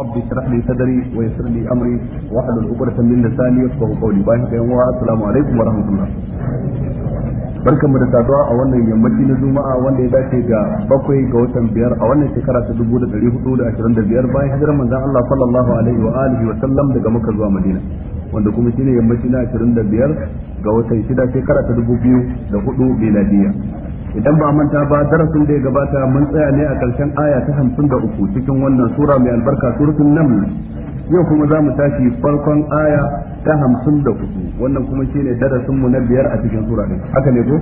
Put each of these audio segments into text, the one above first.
رب اشرح لي صدري ويسر لي امري واحلل عقدة من لساني يفقهوا قولي باهي السلام عليكم ورحمة الله barkan mu da saduwa a wannan yammaci na juma'a wanda ya dace ga bakwai ga watan biyar a wannan shekara ta dubu da dari hudu da ashirin da biyar bayan hijirar manzon Allah sallallahu alaihi wa alihi wa sallam daga Makka zuwa Madina wanda kuma shine yammaci na ashirin da biyar ga watan shida shekara ta dubu biyu da hudu miladiya idan ba manta ba darasin da ya gabata mun tsaya ne a ƙarshen aya ta hamsin da uku cikin wannan sura mai albarka surutun nan, yau kuma za mu tashi farkon aya ta hamsin da uku, wannan kuma shine darasin mu na biyar a cikin sura din haka ne ko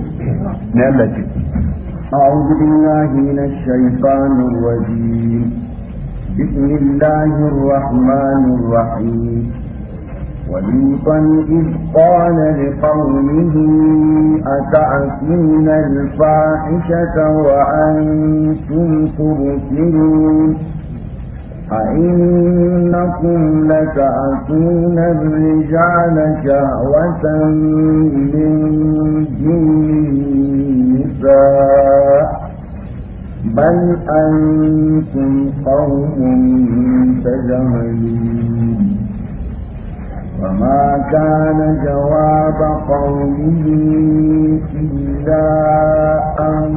na Allah ce أعوذ بالله من الشيطان الرجيم بسم الله الرحمن الرحيم ولوطا إذ قال لقومه أتأتون الفاحشة وأنتم تبصرون أئنكم لتأتون الرجال شهوة من دون النساء بل أنتم قوم تجهلون فما كان جواب قومه إلا أن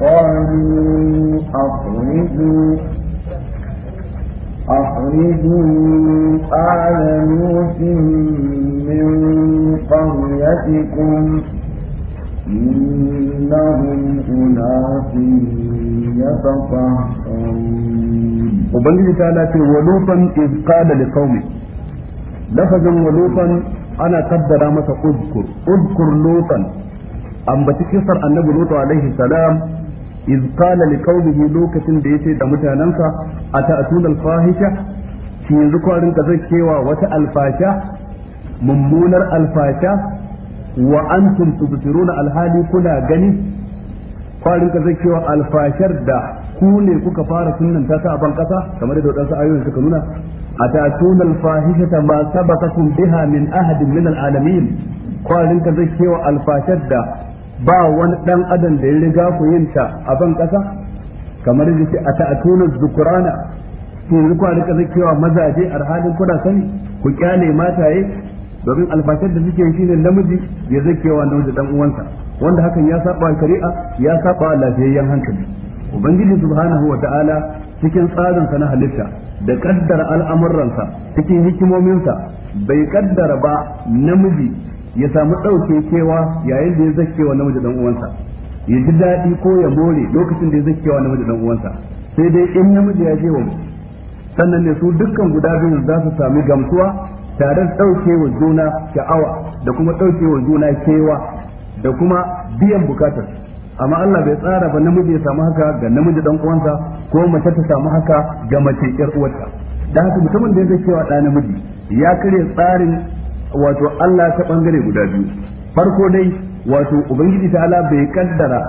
قالوا أخرجوا أخرجوا آل نوح من قريتكم إنهم أناس يتطهرون وبلغ تعالى في ولوطا إذ قال لقومه lafazin lutan ana kaddara masa udkur udkur ambaci kisar annabi lutu alaihi salam iz qala lokacin da yace da mutanansa ata'tuna al-fahisha shi yanzu ko zai kewa wata alfasha mummunar alfasha wa antum tubsiruna alhali kuna gani kwarin rinka zakkewa alfashar da ku ne kuka fara sunnanta ta a ban kasa kamar da waɗansu ayoyin suka nuna atatuna alfahishata ma sabaqakum biha min ahadin min alalamin kwarin ka zai kewa alfashar da ba wani dan adam da ya riga ku yin ta a ban kasa kamar yace atatuna zukurana to yanzu kwarin zai kewa mazaje arhalin kuna sani ku kyale mataye domin alfashar da suke shine namiji ya zai kewa namiji dan uwansa wanda hakan ya saba shari'a ya saba lafiyayyen hankali ubangiji subhanahu wa ta'ala cikin tsarinsa na halitta da kaddara al'amuransa cikin hikimominsa bai kaddara ba namiji ya samu ɗauke kewa yayin da ya zake wa namiji dan uwansa ya ji daɗi ko ya more lokacin da ya zake wa namiji dan uwansa sai dai in namiji ya je wa sannan ne su dukkan guda biyu za su sami gamsuwa tare da ɗaukewa juna sha'awa da kuma ɗaukewa juna kewa da kuma biyan bukatar amma Allah bai tsara ba namiji ya samu haka ga namiji dan uwansa ko mace ta samu haka ga mace ƴar uwarta dan haka mutumin da yake cewa da namiji ya kare tsarin wato Allah ta bangare guda biyu farko dai wato ubangiji ta Allah bai kaddara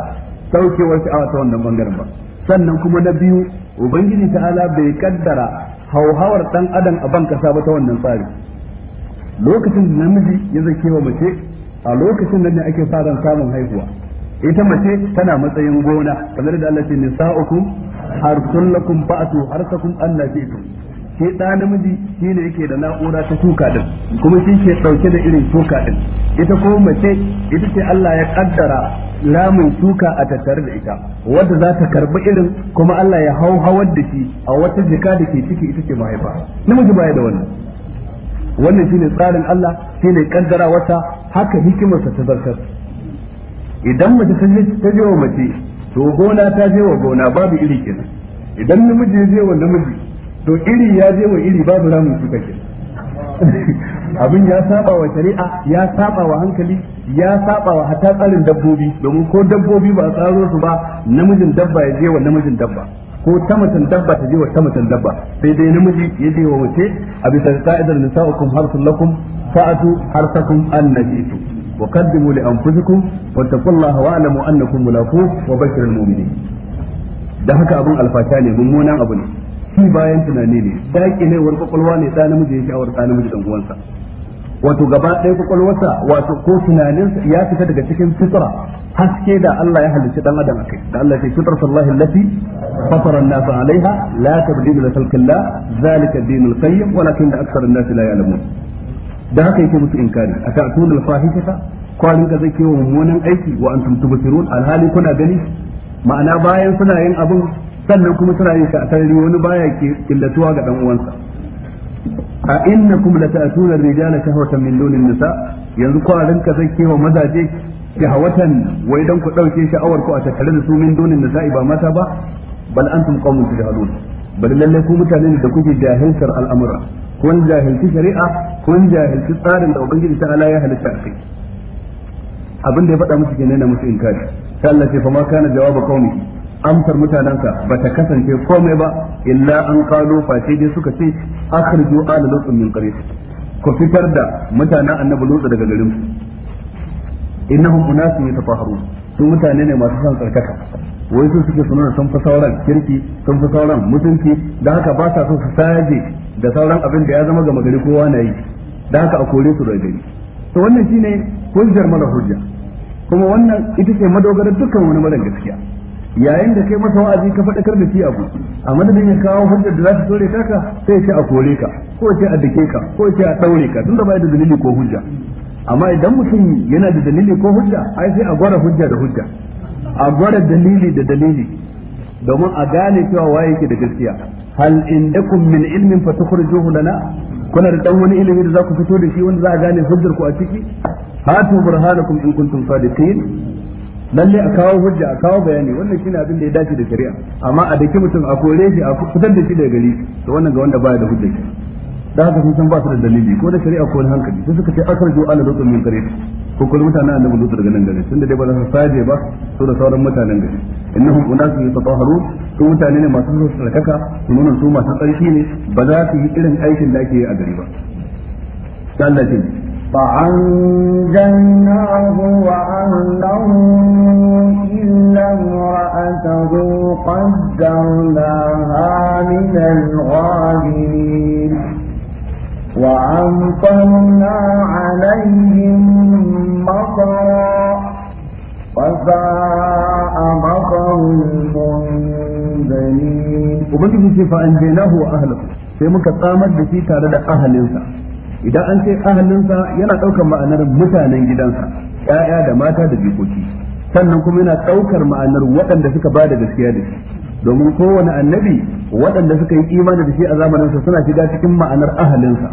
daukewar a ta wannan bangaren ba sannan kuma na biyu ubangiji ta Allah bai kaddara hauhawar dan adam a ban kasa ba ta wannan tsari lokacin da namiji ya zakewa mace a lokacin da ne ake fara samun haihuwa ita mace tana matsayin gona kamar da Allah ce har harsullakum ba'atu harsakum allati shi da namiji shi ne yake da na'ura ta tuka din kuma shi ke dauke da irin tuka din ita ko mace ita ce Allah ya kaddara lamun tuka a tattare da ita wadda za ta karbi irin kuma Allah ya hau hawar da shi a wata jika da ke ciki ita ce mahaifa namiji baya da wannan wannan shine tsarin Allah shine kaddara wata haka hikimarsa ta zartar idan mace ta je wa mace to gona ta je wa gona babu iri kenan idan namiji ya je wa namiji to iri ya je wa iri babu ramin shuka kenan abin ya saba wa shari'a ya saba wa hankali ya saba wa hata tsarin dabbobi domin ko dabbobi ba a tsaro su ba namijin dabba ya je wa namijin dabba ko ta mutum dabba ta je wa ta mutum dabba sai dai namiji ya je wa mace a bisa ka'idar nisa'ukum harsun lakum fa'atu harsakum annabitu وقدموا لأنفسكم واتقوا الله واعلموا أنكم ملاقوه وبشر المؤمنين da haka abin alfata ne mummunan abu ne shi bayan tunani ne daki ne war kwakwalwa ne da namiji ya sha'awar da namiji dan uwansa wato gaba ɗaya kwakwalwarsa wato ko tunaninsa ya fita daga cikin fitra haske da Allah ya halicci dan adam akai da Allah ya ce fitrar sallahi allati fatara an-nas 'alayha la tabdila li khalqillah zalika ad-din qayyim walakin aktsara nas la ya'lamun da haka yake musu inkari a ta'tunul fahishata kwarin ka zai kewa mummunan aiki wa antum tubsirun alhali kuna gani ma'ana bayan suna yin abin sannan kuma suna yin shi a wani baya ke killatuwa ga dan uwansa a innakum lata'tuna ar-rijala shahwatan min dunin nisa yanzu kwarin ka zai kewa mazaje ki shahwatan wai dan ku dauke sha'awar ku a tattare da su min dunin nisa ba mata ba bal antum qaumun tajhalun bal lalle ku mutane da kuke jahiltar al'amura kun jahilci shari'a kun jahilci tsarin da ubangiji ta ala ya halitta a kai abin da ya faɗa musu kenan na musu inkari ta Allah ce fa ma kana jawaba qaumi amsar ba ta kasance komai ba illa an qalu fa sai dai suka ce akhriju ala lutum min qaryati ku fitar da mutanen annabi lutsu daga garin su innahum unasun yatafaharun su mutane ne masu son tsarkaka wai su suke suna sun fi sauran kirki sun fi sauran mutunci da haka ba sa so su saje da sauran abin da ya zama gama gari kowa na yi da haka a kore su da gari to wannan shine hujjar mara hujja kuma wannan ita ce madogarar dukkan wani mara gaskiya yayin da kai masa wa'azi ka faɗakar da shi abu a madadin ya kawo hujjar da za ta tsore ka sai ce a kore ka ko ce a dake ka ko ce a ɗaure ka tun da ba da dalili ko hujja amma idan mutum yana da dalili ko hujja ai sai a gwara hujja da hujja a gwada dalili da dalili domin a gane cewa waye yake da gaskiya hal indakum min ilmin fatukhrijuhu lana kuna da dan wani ilimi da za ku fito da shi wanda za a gane hujjar ku a ciki hatu burhanakum in kuntum sadiqin lalle a kawo hujja a kawo bayani wannan shine abin da ya dace da shari'a amma a dake mutum a kore shi a fitar da shi daga gari to wannan ga wanda baya da hujja da haka sun san ba su da dalili ko da shari'a ko hankali sai suka ce akarju ala lutum min qaryati ko kullu mutanen annabi lutum daga nan gari, tunda dai ba za su saje ba to da sauran mutanen gare innahum unasun yatahharun su mutane ne masu sarkaka su nuna su masu tsarki ne ba za su yi irin aikin da ake yi a gari ba an Allah ce فأنجيناه وأهله إلا امرأته قدرناها من الغابرين وأمطرنا عليهم مطرا وساء مطر المنذرين وبنجي فأنجيناه وأهله sai muka tsamar da shi tare da ahalinsa idan an ce ahalinsa yana ɗaukar ma'anar mutanen gidansa ‘ya'ya da mata da jikoki sannan kuma yana ɗaukar ma'anar waɗanda suka ba da gaskiya da shi domin kowane annabi waɗanda suka yi imani da shi a zamaninsa suna shiga cikin ma'anar ahalinsa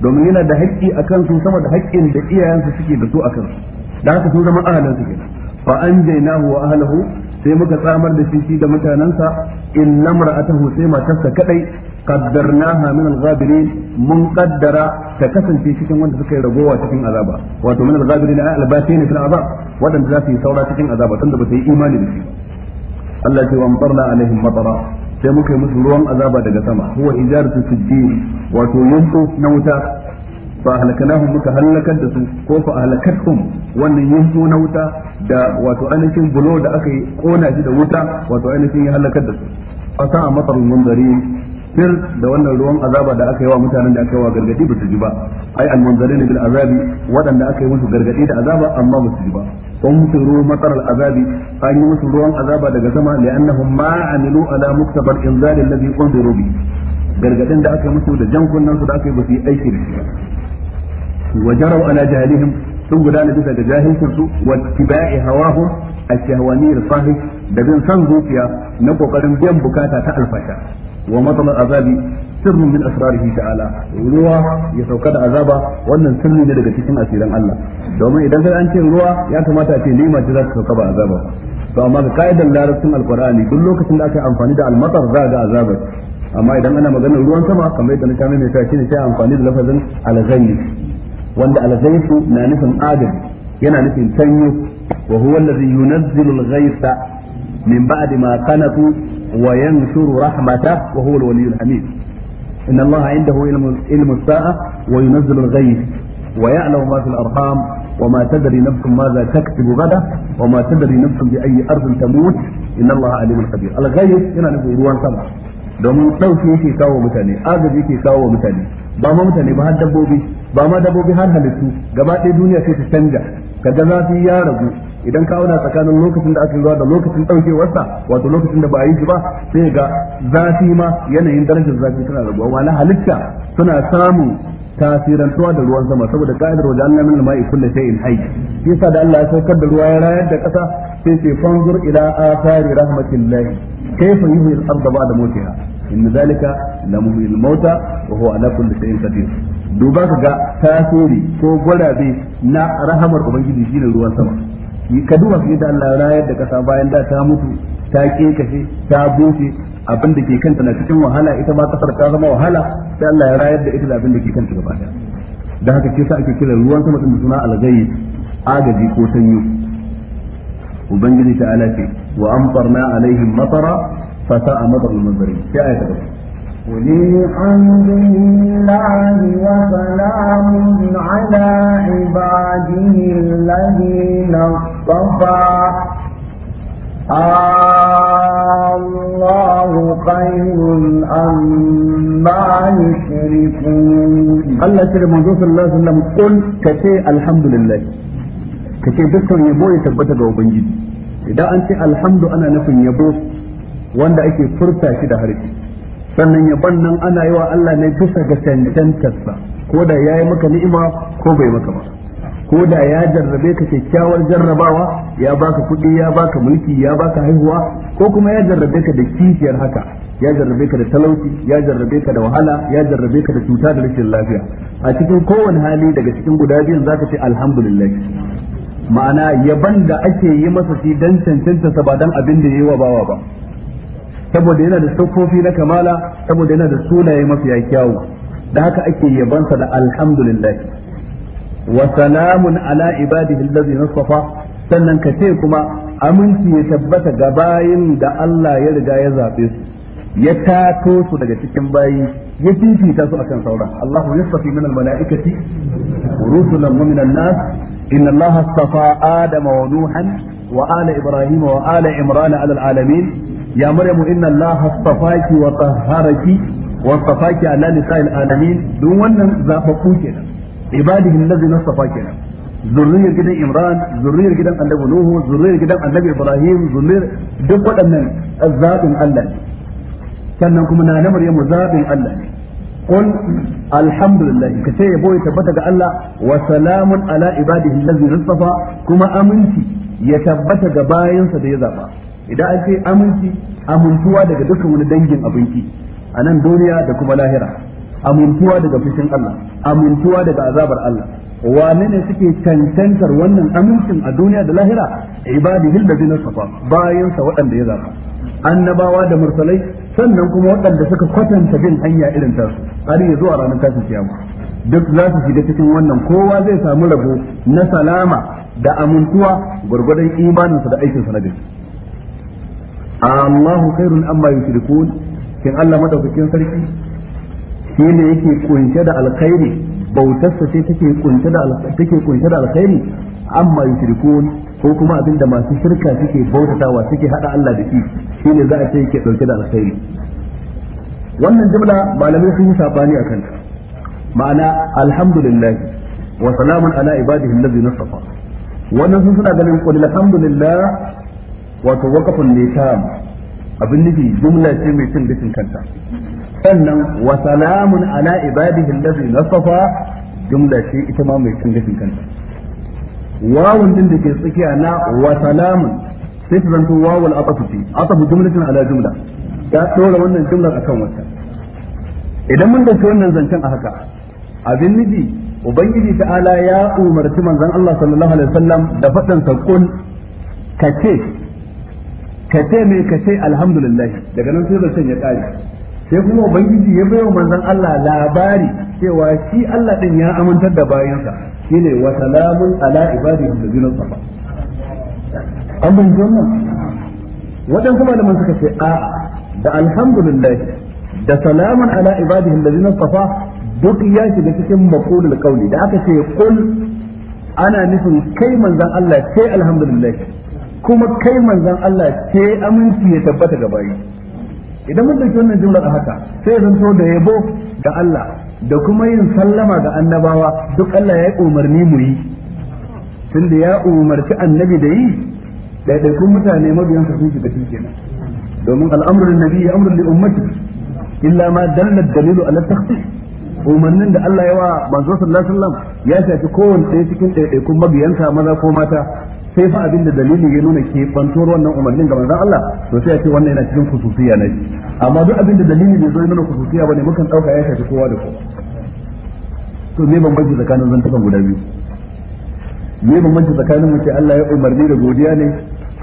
domin yana da haƙƙi a kansu sama da haƙƙin da iyayensa suke da su a kansu da haka sun zama ahalinsa kenan fa an jainahu wa ahlahu sai muka tsamar da shi da mutanensa in lamra'atahu sai matarsa kadai qaddarnaha min al-ghabirin mun qaddara ta kasance cikin wanda suka yi ragowa cikin azaba wato min al-ghabirin ay al-batin fil azab wadanda za su yi saura cikin azaba tunda ba su yi imani da shi Allah ya wamtarna alaihim matara sai muka yi musu ruwan azaba daga sama huwa ijaratu sijjin wato yanko na wuta fa halaknahum muka halakar da su ko fa halakatkum wannan na wuta da wato bulo da aka yi kona shi da wuta wato ainihin ya halakar da su sir da wannan ruwan azaba da aka yi wa mutanen da aka yi wa gargadi ba su ji ba ai almanzarin bil azabi waɗanda aka yi musu gargadi da azaba amma ba su ji ba umsiru matsalar azabi an yi musu ruwan azaba daga sama li'annahum ma amilu ala muktabar inzalil ladhi unziru bi gargadin da aka yi musu da jankunan su da aka yi ba su yi aiki da shi ba wa jaraw ala jahilihim sun gudana bisa ga jahilcin su wa tibai hawahum a shahwani al da bin san zuciya na kokarin biyan bukata ta alfasha wa matsalar azabi sirrin min asrarihi ta'ala ruwa ya sauka da azaba wannan sirri ne daga cikin asirin Allah domin idan kai an ce ruwa ya kamata a ni ma ce za ta sauka ba azaba to amma ga ka'idar larabcin alqur'ani duk lokacin da aka yi amfani da almatar za ga azabar amma idan ana maganar ruwan sama kamar da na kame mai sa shine sai amfani da lafazin alghayth wanda alghayth na nufin adam yana nufin sanyi wa huwa allazi yunazzilu alghaytha min ba'di ma qanatu وينشر رحمته وهو الولي الحميد إن الله عنده علم الساعة وينزل الغيث ويعلم ما في الأرحام وما تدري نفس ماذا تكسب غدا وما تدري نفس بأي أرض تموت إن الله عليم خبير الغيث هنا نقول روان سبع domin ɗauki ke kawo mutane agaji ke kawo mutane ba ma mutane ba har dabbobi ba ma dabbobi har halittu gaba ɗaya duniya sai ta canja kaga zafi ya ragu idan ka auna tsakanin lokacin da aka yi ruwa da lokacin daukewarsa wato lokacin da ba a yi shi ba sai ga zafi ma yanayin darajar zafi tana rabuwa wala halitta suna samun tasirantuwa da ruwan sama saboda ka'idar wajen Allah min ma'i kulli shay'in hayy shi yasa da Allah ya saukar da ruwa ya rayar da kasa sai ce fanzur ila athari rahmatillah kayfa yuhyi al-ardh ba'da mawtiha in zalika lamuhyi al-mauta wa huwa ala kulli shay'in qadir duba ka ga tasiri ko gwarabe na rahamar ubangiji shine ruwan sama ka duba su da Allah rayar da kasa bayan da ta mutu ta kekashe ta bushe abin da ke kanta na cikin wahala ita ma kasar ta zama wahala sai Allah ya rayar da ita da abin da ke kanta gaba daya da haka ke sa ake kira ruwan sama din suna algayi agaji ko sanyi ubangiji ta alafi wa amfarna alaihim matara fa sa'a matarul munzirin sai ayata قل الحمد لله وسلام على عباده الذين اصطفى الله خير أما يشركون الله يشرك منذ صلى الله عليه وسلم قل كتي الحمد لله كتي دكتور يبو يتبتك وبنجد إذا أنت الحمد أنا نفي يبو وأنا أكي فرطة كده هرجي sannan yabon nan ana yi wa Allah ne bisa ga cancantarsa ko da ya yi maka ni'ima ko bai maka ba ko da ya jarrabe ka kyakkyawar jarrabawa ya baka kuɗi ya baka mulki ya baka haihuwa ko kuma ya jarrabe ka da kishiyar haka ya jarrabe ka da talauci ya jarrabe ka da wahala ya jarrabe ka da cuta da rashin lafiya a cikin kowane hali daga cikin guda biyun zaka ce alhamdulillah ma'ana yaban da ake yi masa shi dan cancanta sa ba dan abin da yayi wa bawa ba saboda yana da saukofi na kamala saboda yana da sunaye mafiya kyawu da haka ake yabansa da alhamdulillah wa salamun ala ibadihi allazina safa sannan ka ce kuma aminci ya tabbata ga bayin da Allah ya riga ya zabe su ya tato su daga cikin bayi ya fifita su akan sauran Allahu yastafi min almalaikati rusulan wa min an-nas inna Allah astafa adama wa nuhan wa ala ibrahima wa ala imrana ala ya maryamu inna allaha astafaki wa tahharaki wa astafaki ala nisa'il alamin dun wannan zababbu kenan ibadihi allazina astafa kenan zurriyar gidan imran zurriyar gidan annabi nuhu zurriyar gidan annabi ibrahim zurriyar duk waɗannan zabin Allah ne sannan kuma na na maryamu zabin Allah ne قل الحمد لله كتي يبوي تبتك الله وسلام على عباده الذي اصطفى كما أمنتي يتبتك باين سدي idan an ce aminci amintuwa daga dukkan wani dangin abinci a nan duniya da kuma lahira amintuwa daga fushin Allah amintuwa daga azabar Allah wa ne suke tantantar wannan amincin a duniya da lahira ibadihil ladina safa bayan sa waɗanda ya zaba annabawa da mursalai sannan kuma waɗanda suka kwatanta bin hanya irin ta har ya zuwa ranar tashin kiyama duk za su shiga cikin wannan kowa zai samu rabo na salama da amintuwa gwargwadon imaninsa da aikinsa na gari Allahu khairun amma yushrikun kin Allah madaukakin sarki shi ne yake kunshe da alkhairi bautarsa sai take kunshe da take kunshe da alkhairi amma yushrikun ko kuma abinda masu shirka suke bautatawa suke hada Allah da shi ne za a ce yake dauke da alkhairi wannan jumla malamai sun yi sabani a kanta ma'ana alhamdulillah wa salamun ala ibadihi allazina safa wannan sun suna ganin qul alhamdulillah wato wakafin ne abin nufi jumla ce mai cin gashin kanta sannan wa salamun ala ibadihi allazi nasafa jumla ce ita ma mai cin gashin kanta wawun din da ke tsakiya na wa salamun sai ta zanto wawul atafu ce atafu jumlatin ala jumla ya tsora wannan jumla akan wata idan mun dauki wannan zancen a haka abin nufi ubangiji ala ya umarci manzon Allah sallallahu alaihi wasallam da faɗin sa kun kace ka ce me ka ce alhamdulillah daga nan sai zancen ya kare sai kuma ubangiji ya bai wa manzon Allah labari cewa shi Allah din ya amintar da bayansa shine wa salamun ala ibadihi allazina safa an bin wannan wadan kuma da man suka ce a da alhamdulillah da salamun ala ibadihi allazina safa duk ya shiga cikin maqulul qawli da aka ce kul ana nufin kai manzon Allah sai alhamdulillah kuma kai manzan Allah ce aminci ya tabbata ga bayi idan mun dauki wannan jumla da haka sai zan so da yabo ga Allah da kuma yin sallama ga annabawa duk Allah ya yi umarni mu yi tunda ya umarci annabi da yi ɗaiɗaikun mutane mabiyan su sun shiga cikin kenan domin al'amurin nabi ya amru li ummati illa ma dalla dalilu ala takhsis umarnin da Allah ya wa manzo sallallahu alaihi wasallam ya shafi kowanne cikin ɗaiɗaikun mabiyansa maza ko mata sai fa abin da dalili ya nuna ke bantuwar wannan umarnin ga manzon Allah to sai a ce wannan yana cikin khususiyya ne amma duk abin da dalili ne zai nuna khususiyya bane mukan dauka ya shafi kowa da kowa to me bambanci tsakanin zantukan guda biyu me bambanci tsakanin mu ce Allah ya umarni da godiya ne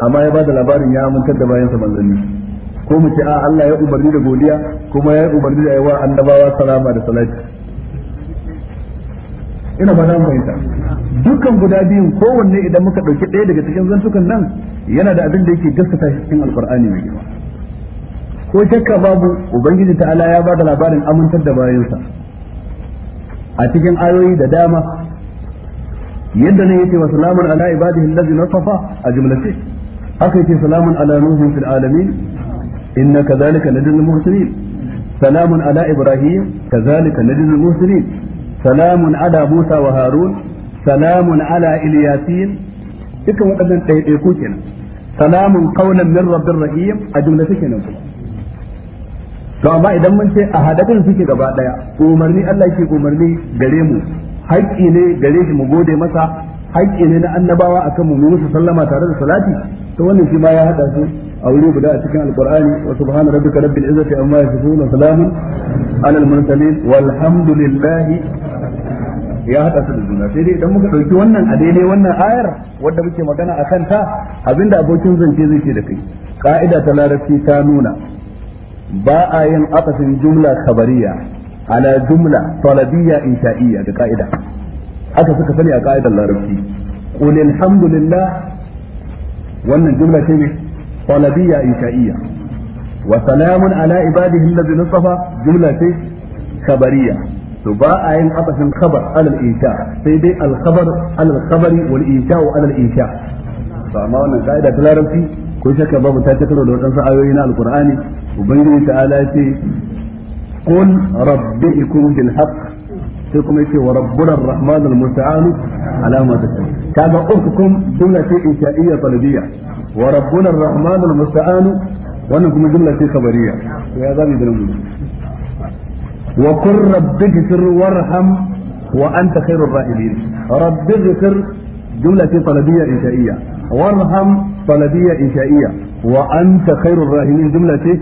amma ya bada labarin ya amintar da bayan sa manzanni ko mu ce a Allah ya umarni da godiya kuma ya umarni da aiwa annabawa salama da salati ina ba za mu fahimta dukkan guda biyun kowanne idan muka ɗauki ɗaya daga cikin zantukan nan yana da abin da yake gaskata shi cikin alkur'ani mai girma ko shakka babu ubangiji ta'ala ya ba da labarin amintar da bayansa a cikin ayoyi da dama yadda ne yake wa salamun ala ibadihi allazina safa a jumlace haka yake salamun ala nuhin fil alamin inna kadhalika ladil muhsinin salamun ala ibrahim kadhalika ladil muhsinin salamun ala Musa wa Harun salamun ala Ilyasin duka waɗannan ɗaiɗaiku kenan salamun qaulan min rabbir rahim a jumla take nan to amma idan mun ce a hadadin suke gaba daya umarni Allah ke umarni gare mu haƙƙi ne gare shi mu gode masa haƙƙi ne na annabawa akan mu mu musu sallama tare da salati to wannan shi ma ya hada su a wuri guda a cikin alqur'ani wa subhana rabbika rabbil izzati amma yasifun salamun alal mursalin walhamdulillahi ya haɗa su da juna sai dai idan muka ɗauki wannan a daidai wannan ayar wadda muke magana a kan ta abinda abokin zance zai ce da kai ka'ida ta larabci ta nuna ba a yin akasin jumla kabariya ala jumla talabiyya insha'iyya da ka'ida Aka suka sani a ka'idar larabci qul alhamdulillah wannan jumla ce ne talabiyya insha'iyya wa salamun ala ibadihi alladhina safa jumla ce kabariya. to ba a yin abasin khabar alal isha sai dai al khabar alal khabari wal isha wa alal isha to amma wannan kaida ta larabci ko shakka babu ta tattaro da wadansu ayoyi na alqur'ani ubangiji ta'ala ce qul rabbikum bil haqq sai kuma yace wa rabbuna arrahman al musta'an ala ma tasawun kaga ukukum jumla ce insha'iyya talabiyya wa rabbuna arrahman al musta'an wannan kuma jumla ce khabariya ya zabi da nan وقل رب اغفر وارحم وانت خير الراحمين رب اغفر جملة طلبية إنشائية وارحم طلبية إنشائية وأنت خير الراحمين جملة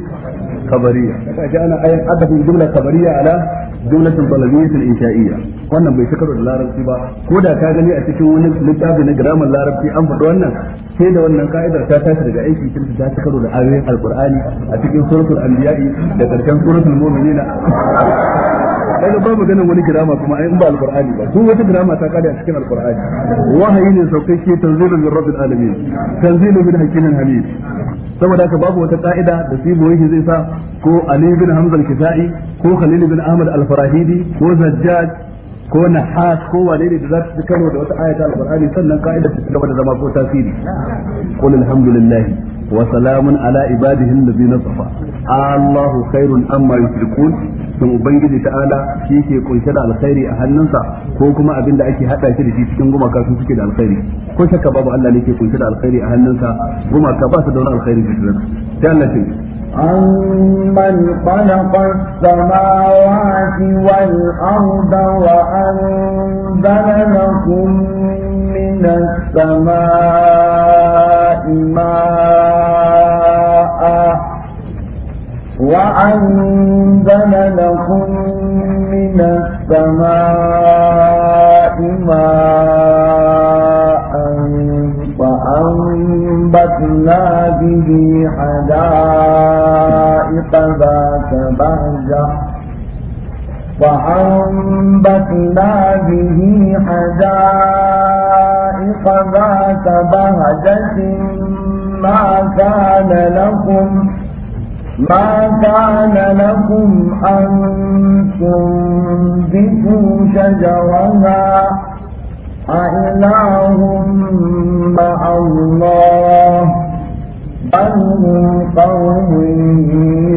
خبرية فجاءنا أدب آية الجملة الخبرية على جملة طلبية إنشائية wannan bai shi karo da larabci ba ko da ka gani a cikin wani littafi na gramar larabci an faɗi wannan sai da wannan ka'idar ta tashi daga aiki kirki ta ci karo da ayoyin alqur'ani a cikin suratul anbiya'i da karshen suratul mu'minina kaga babu ganin wani girama kuma ai in ba alqur'ani ba su wata girama ta kada a cikin alqur'ani wahayi ne ke tanzilun min rabbil alamin tanzilun min hakimin hamid saboda ka babu wata ka'ida da siboyi zai sa ko ali bin hamza al-kisai ko khalil bin ahmad al-farahidi ko zajjaj ko na has ko wane ne da za su ci karo da wata ayata alkurani sannan ka'ida su gaba da zama ko tasiri qul alhamdulillah wa salamun ala ibadihi alladhina safa allahu khairun amma yushrikun sun ubangiji ta'ala shi ke kunshe da alkhairi a hannunsa ko kuma abin da ake hada shi da shi cikin gumaka su suke da alkhairi ko shakka babu Allah ne ke kunshe da alkhairi a hannunsa gumaka ba su da wani alkhairi da sai Allah أمن خلق السماوات والأرض وأنزل لكم من السماء ماء وأنزل لكم من السماء ماء وأنبتنا به حدائق ذات بهجة وأنبتنا به حدائق ذات بهجة ما كان لكم ما كان لكم أن تنبتوا شجرها أإله مع الله بل هم قوم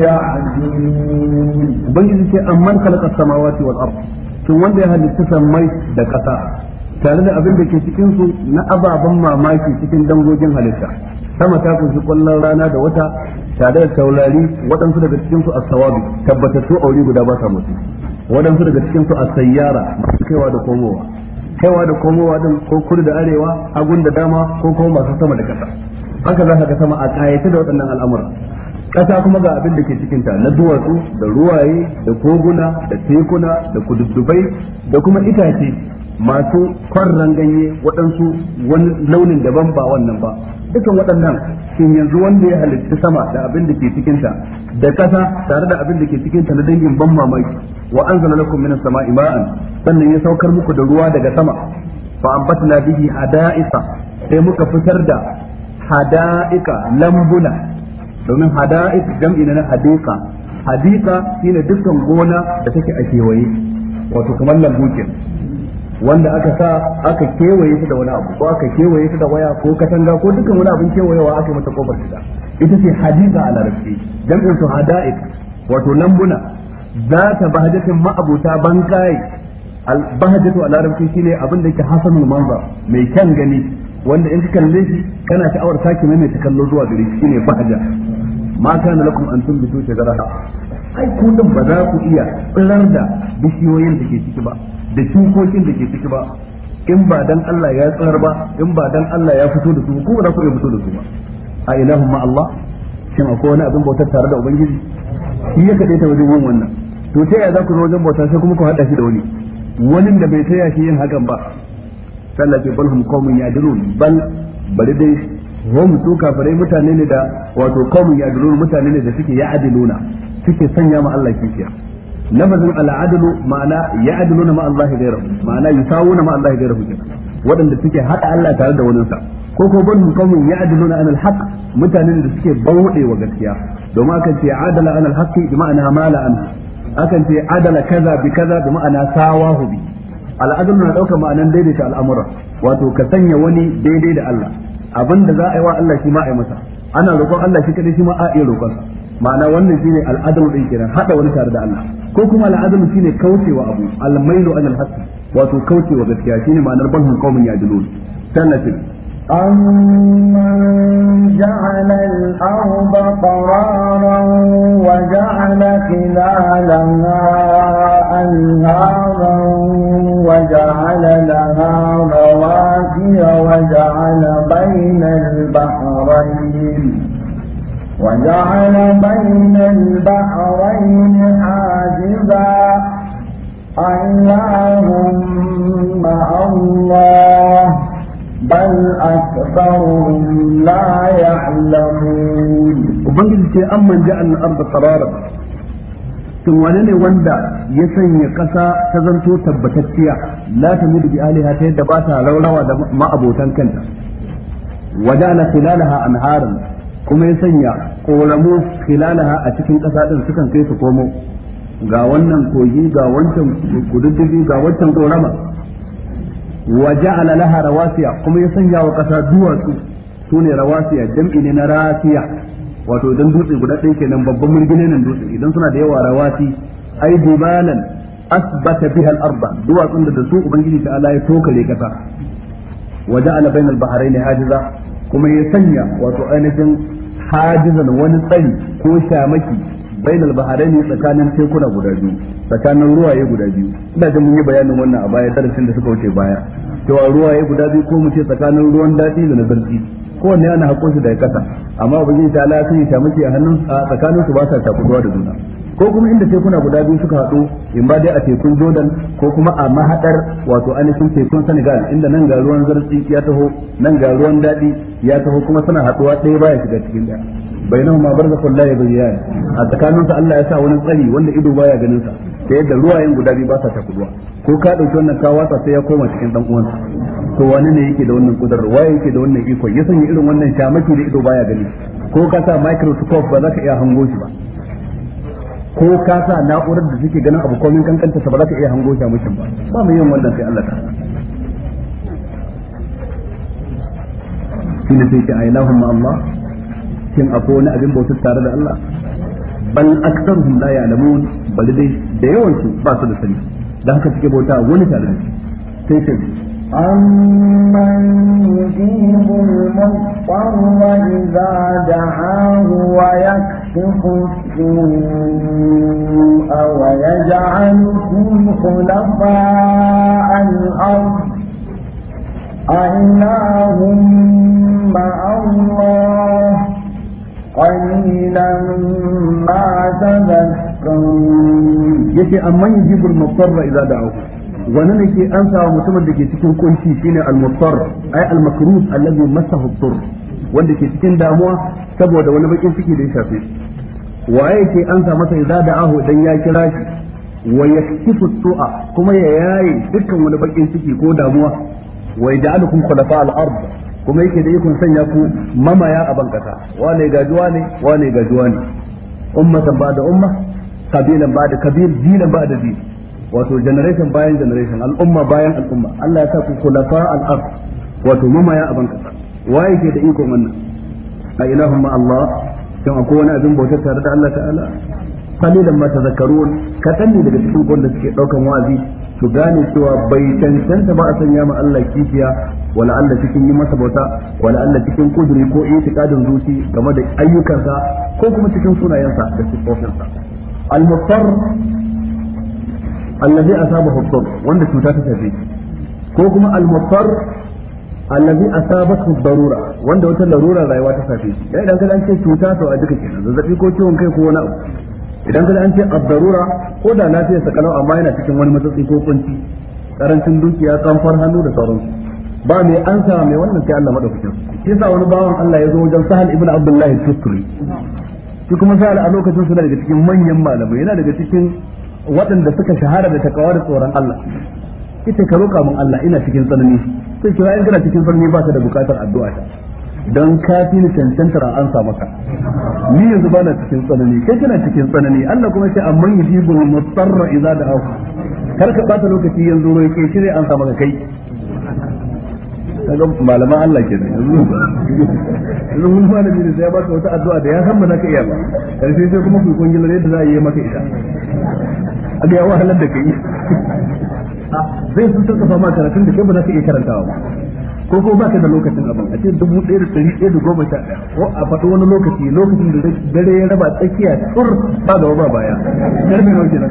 يعدلون بيجي أمن خلق السماوات والأرض tun wanda ya halitta sammai da ƙasa tare da abin da ke cikinsu na ababen mamaki cikin dangogin halitta sama ta kunshi kullun rana da wata tare da taulari waɗansu daga cikinsu a sawabi tabbatattu aure guda ba sa mutu waɗansu daga cikinsu a sayyara masu kaiwa da komowa kaiwa da komowa din ko kudu da arewa agun da dama ko kuma masu sama da kasa haka za ka ga sama a kayyace da waɗannan al'amura kasa kuma ga abin da ke cikin ta na duwatsu da ruwaye da koguna da tekuna da kududdubai da kuma itace masu kwarran ganye waɗansu launin daban ba wannan ba dukan waɗannan shin yanzu wanda ya halitta sama da abin da ke cikinta da ƙasa tare da abin da ke cikinta na dangin ban mamaki wa zana lakum minas sama ima'an sannan ya saukar muku da ruwa daga sama fa ambatna bihi hada'ika sai muka fitar da hada'ika lambuna domin Hada'ika jam'i na hadika hadika shine dukkan gona da take a kewaye wato kamar lambu wanda aka sa aka kewaye su da wani abu ko aka kewaye su da waya ko katanga ko dukkan wani abin kewayewa aka mata kofar gida ita ce hadiza a larabci jam'in su hada'ik wato lambuna za ta bahajatin ma'abuta bankai bahajatu a larabci shine abin da yake hasanul manza mai kyan gani wanda in ka kalle kana sha'awar sake mai ta kallo zuwa gari shi shine bahaja ma kana lakum an tumbitu shajaraha ai ku din ba za ku iya tsirar da bishiyoyin da ke ciki ba da shukokin da ke ciki ba in ba dan Allah ya tsirar ba in ba dan Allah ya fito da su ku ba za ku iya fito da su ba a ilahun ma Allah shin akwai wani abin bautar tare da ubangiji shi ya kaɗai ta wajen yin wannan to sai ya za ku zo wajen bautar sai kuma ku hada shi da wani wani da bai taya shi yin hakan ba sallah ce balhum qaumun yadrun bal bari dai hum su kafirai mutane ne da wato qaumun yadrun mutane ne da suke ya adiluna suke sanya ma Allah kishiya lafazin al'adlu ma'ana ya'diluna ma Allah ghayra ma'ana yusawuna ma Allah ghayra wadanda suke hada Allah tare da wani sa ko ko ban qaumin ya'diluna an al-haq mutanen da suke bauɗe wa gaskiya domin akan ce adala an al-haq bi ma'ana mala an akan ce adala kaza bi kaza bi ma'ana sawahu bi al'adlu na dauka ma'anan daidaita al'amura wato ka sanya wani daidai da Allah abinda za a yi wa Allah shi ma a yi masa ana roƙon Allah shi kadai shi ma a iya roƙon ma'ana wannan shine al'adalu din kenan hada wani tare da Allah ko kuma al'adalu shine kaucewa abu al-mailu anil haqq wato kaucewa gaskiya shine ma'anar bahun qaumin yajlun sallatin أمن جعل الأرض قرارا وجعل خلالها أنهارا وجعل لها رواسي وجعل بين البحرين وجعل بين البحرين حاجبا أيام مع الله بل أكثرهم لا يعلمون وبنجد شيء أما جاء الأرض قرارا wane ne wanda ya sanya ƙasa ta zanto tabbatacciya la ta mudu bi aliha ta yadda ba ta raurawa da ma'abotan kanta wajana tilalaha anharan kuma ya sanya ƙoramu filalaha a cikin ƙasa ɗin sukan kai su komo ga wannan kogi ga wancan kududdufi ga wancan ƙorama. wa ja'ala laha rawasiya kuma ya sanya wa ƙasa duwatsu su ne rawasiya jam'i ne na rasiya wato idan dutse guda ɗaya kenan babban murgine nan dutse idan suna da yawa rawasi ai dubalan asbata biha al-arba duwatsun da su ubangiji ta Allah ya tokare ƙasa wa ja'ala bainal bahrayn hajiza kuma ya sanya wato ainihin hajizan wani tsari ko shamaki bainal baharain tsakanin tekuna guda biyu tsakanin ruwaye guda biyu ina jin mun yi bayanin wannan a baya darasin da suka wuce baya cewa ruwaye guda biyu ko mu ce tsakanin ruwan dadi da na ko kowanne ana haƙo shi daga kasa amma ubangiji ta Allah ya sha shamaki a hannun a tsakanin su ba sa takuduwa da juna ko kuma inda tekuna guda biyu suka haɗu in ba dai a tekun jordan ko kuma a mahadar wato ainihin tekun senegal inda nan ga ruwan zarci ya taho nan ga ruwan daɗi ya taho kuma suna haɗuwa ɗaya baya shiga cikin ɗaya bainahuma barzakhun la yabghiyan a tsakanin Allah ya sa wani tsari wanda ido baya ganin sa ta yadda ruwayen guda biyu ba sa kuduwa ko ka dauki wannan ka watsa sai ya koma cikin dan uwansa to wani ne yake da wannan kudar waye yake da wannan iko ya sanya irin wannan shamaki da ido baya gani ko ka sa microscope ba za ka iya hango shi ba ko ka sa na'urar da suke ganin abu komin kankanta ta ba za ka iya hango shamushin ba ba mu yin wannan sai Allah ta shi ne sai ke a ilahun ma'amma akwai wani abin bautar tare da Allah bal aktaruhum la ya'lamun bal dai da yawan su ba su da sani dan haka suke bauta wani tare da shi sai ce أمن يجيب المضطر إذا دعاه ويكفي يسفك السوء ويجعلكم خلفاء الأرض أإله مع الله قليلا ما تذكرون يجي أمن يجيب المضطر إذا دعوه wani ne ke an sawa mutumin da ke cikin kunci shine al-muttar ay al-makruf alladhi massahu ad wanda ke cikin damuwa saboda wani bakin ciki da ya shafe waye ke an sa masa idza da'ahu dan ya kira shi wa yaktifu su'a kuma ya yaye dukkan wani bakin ciki ko damuwa wa yaj'alukum khulafa al-ard kuma yake da ikon sanya ku mamaya a bankasa wane gajuwa ne wane gajuwa ne ummatan ba da umma kabilan ba da kabil dinan ba da din wato generation bayan generation al'umma bayan al'umma Allah ya sa ku khulafa al-ard wato mamaya a bankasa waye ke da iko wannan a ilahun ma Allah kan akwai wani abin bautar tare da Allah ta'ala qalilan ma tazakkarun kadan ne daga cikin wanda suke daukan wa'azi su gane cewa bai cancanta ba a sanya ma Allah kishiya wala Allah cikin yi masa bauta wala Allah cikin kuduri ko itikadin zuci game da ayyukansa ko kuma cikin sunayensa da sifofinsa al-mustar alladhi asabahu ad-dur wanda cuta ta tafi ko kuma al-mustar allazi asabatu darura wanda wata larura rayuwa ta safe shi idan ka an ce cuta to a duka kenan zazzabi ko ciwon kai ko wani abu idan ka an ce abdarura ko da na sa sakalau amma yana cikin wani matsatsi ko kunci karancin dukiya kamfar hannu da sauran ba mai an sa mai wannan sai Allah madaukakin shi yasa wani bawan Allah ya zo wajen Sahal ibn Abdullah al shi kuma Sahal a lokacin suna daga cikin manyan malamai yana daga cikin waɗanda suka shahara da takawa da tsoron Allah ita ka kamun Allah ina cikin tsanani sai kira yin kana cikin farni ba ta da bukatar addu'a ta don ka fi ni cancantar an sa maka ni yanzu ba na cikin tsanani kai kina cikin tsanani Allah kuma sai amman yujibu al-mutarra idza da'ahu kar ka bata lokaci yanzu roi kai shi zai an sa maka kai kaga malaman Allah ke nan yanzu yanzu mun fara jini sai ya baka wata addu'a da ya san ba za ka iya ba karshe sai kuma ku kungilar da za a yi maka ita abiya wahalar da kai zai sun sarkafa ma karatun da kai ba za ka iya karantawa ba ko ko ba ka da lokacin abin a ce dubu ɗaya da ɗari ɗaya da goma sha ɗaya ko a faɗi wani lokaci lokacin da dare ya raba tsakiya tur ba gaba ba baya karfe nawa kenan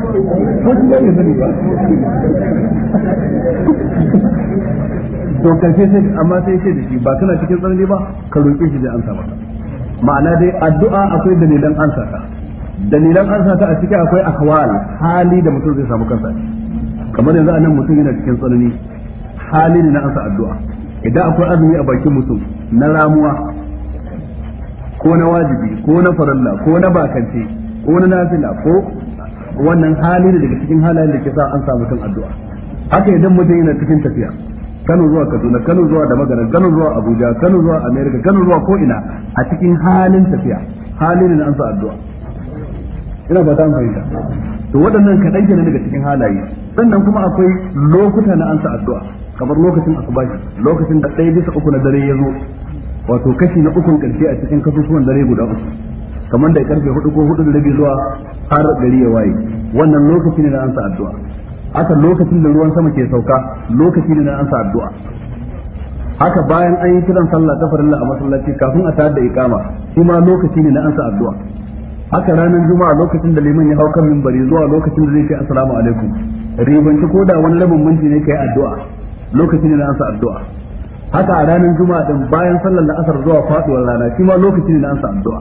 ko kuma zai zani ba to sai amma sai ce da shi ba kana cikin tsanani ba ka roƙe shi da amsa maka ma'ana dai addu'a akwai dalilan ansa ka dalilan ansa ta a cikin akwai ahwal hali da mutum zai samu kansa kamar yanzu anan mutum yana cikin tsanani hali ne na asa addu'a idan akwai azumi a bakin mutum na ramuwa ko na wajibi ko na faralla ko na bakance ko na nafila ko wannan hali ne daga cikin halayen da ke sa an samu kan addu'a haka idan mutum yana cikin tafiya Kano zuwa Kaduna Kano zuwa magana Kano zuwa Abuja Kano zuwa America Kano zuwa ko ina a cikin halin tafiya hali ne na an sa addu'a ina ba ta fahimta to waɗannan kaɗan kenan daga cikin halaye sannan kuma akwai lokuta na ansa addu'a kamar lokacin asubahi lokacin da ɗaya bisa uku na dare ya zo wato kashi na ukun ƙarshe a cikin kasusuwan dare guda uku kamar da karfe hudu ko hudu da rabi zuwa har gari ya waye wannan lokaci ne na ansa addu'a haka lokacin da ruwan sama ke sauka lokaci ne na ansa addu'a haka bayan an yi kiran sallah ta farilla a masallaci kafin a tayar da ikama shi ma lokaci ne na ansa addu'a haka ranar juma'a lokacin da liman ya hau kan minbari zuwa lokacin da zai ce assalamu alaikum ribanci ko da wani rabin minti ne kai addu'a lokacin da ansa addu'a haka a ranar juma'a din bayan sallar asar zuwa faduwar rana shi ma lokacin da ansa addu'a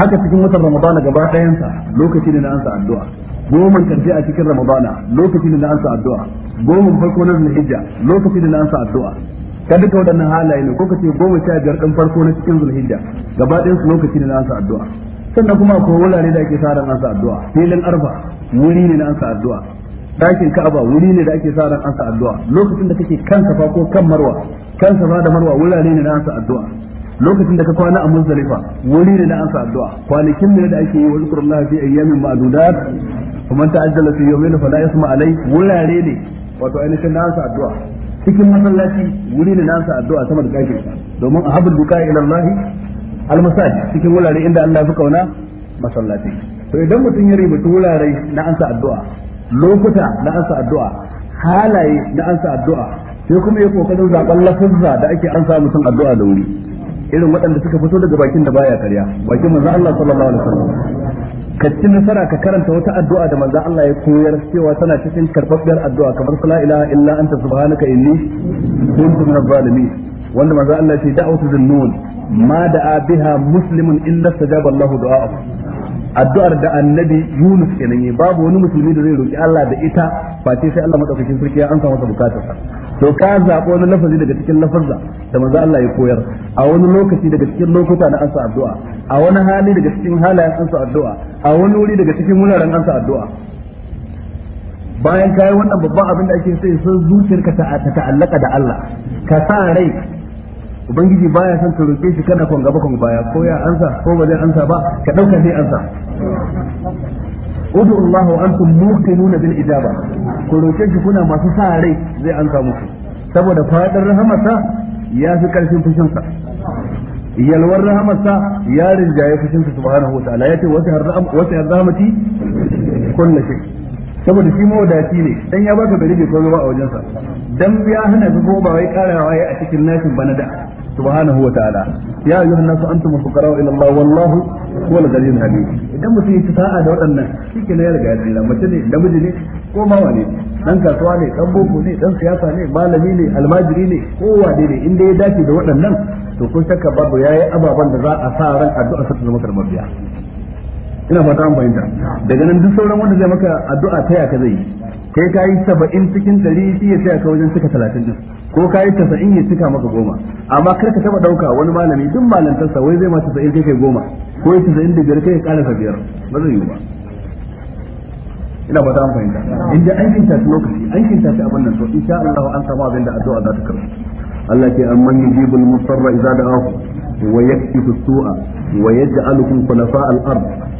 haka cikin watan ramadana gaba sa lokacin da na ansa addu'a goman karshe a cikin ramadana lokacin da na ansa addu'a goman farko na zulhijja lokacin da na ansa addu'a ka duka waɗannan halaye ne ko ka ce goma sha biyar ɗan farko na cikin zulhijja gaba su lokacin da na ansa addu'a sannan kuma akwai wurare da ake sa ran ansa addu'a filin arfa wuri ne na ansa addu'a dakin ka'aba wuri ne da ake sa ran ansa addu'a lokacin da kake kan safa ko kan marwa kan safa da marwa wurare ne na ansa addu'a lokacin da ka kwana a muzdalifa wuri ne na ansa addu'a kwanakin ne da ake yi wa zikrullahi fi ayyamin ma'dudat kuma ta ta'ajjala fi yawmin fala yasma alai wurare ne wato ainihin na ansa addu'a cikin masallaci wuri ne na ansa addu'a sama da kafin domin ahabul buka ila Allah almasaj cikin wurare inda Allah ya kauna masallaci to idan mutum ya rubuta wurare na ansa addu'a lokuta na ansa addu'a halaye na ansa addu'a sai kuma ya kokarin zaben lafazza da ake ansa mutum addu'a da wuri irin waɗanda suka fito daga bakin da baya karya bakin manzo Allah sallallahu alaihi wasallam ka ci nasara ka karanta wata addu'a da manzo Allah ya koyar cewa tana cikin karbabbiyar addu'a kamar la ilaha illa anta subhanaka inni kuntu minaz zalimin wanda manzo Allah ce da'awatu zunnun ma da'a biha muslimun illa sajaba Allahu du'a'ahu addu'ar da annabi Yunus kenan yi babu wani musulmi da zai roki Allah da ita face sai Allah madaukakin sarki ya amsa masa bukatarsa to ka zabo wani lafazi daga cikin lafazza da manzo Allah ya koyar a wani lokaci daga cikin lokuta na ansa addu'a a wani hali daga cikin halayen ansa addu'a a wani wuri daga cikin wuraren ansa addu'a bayan kayi wannan babban abin da ake sai sun zuciyarka ta ta'allaka da Allah ka sa rai ubangiji baya son ka roke shi kana kon gaba kon baya ko ya ansa ko ba zai ansa ba ka dauka sai ansa udu Allah wa antum muqinuna bil ijaba ku roke shi kuna masu sa rai zai ansa muku saboda fadar rahamarsa ya fi karfin fushin sa yalwar rahamarsa ya rinjaye fushin sa subhanahu wa ta'ala yace wata harram wata harramati kullu shay saboda shi mawadaci ne dan ya baka gari bai komai ba a wajensa dan ya hana ka ko ba wai karawa a cikin nashin bana da subhanahu wa ta'ala ya ayyuhan nasu antum fuqara'u ila Allah wallahu huwal ghaniyyul hamid idan mutum ya sa'a da waɗannan shike na ya riga ya tsira mace ne namiji ne ko mawa ne dan kasuwa ne dan boko ne dan siyasa ne malami ne almajiri ne kowa ne inda ya dace da waɗannan to ko shakka babu yayi ababan da za a sa ran addu'a ta zama karbar biya ina fata an fahimta daga nan duk sauran wanda zai maka addu'a ta ya ka zai yi kai ka yi saba'in cikin ɗari shi ya tsaya ka wajen cika talatin din ko ka yi tasa'in ya cika maka goma amma kar ka taɓa ɗauka wani malami duk malantarsa wai zai ma tasa'in kai kai goma ko ya tasa'in da biyar kai ya ƙara biyar ba zai yi ba ina ba ta amfani da. in da aikin tafi lokaci an aikin tafi abin nan to insha Allah an samu abin da addu'a za ta karɓa Allah ke amman yujibul mustarra idza da'ahu wa yakshifu su'a wa yaj'alukum khulafa al-ard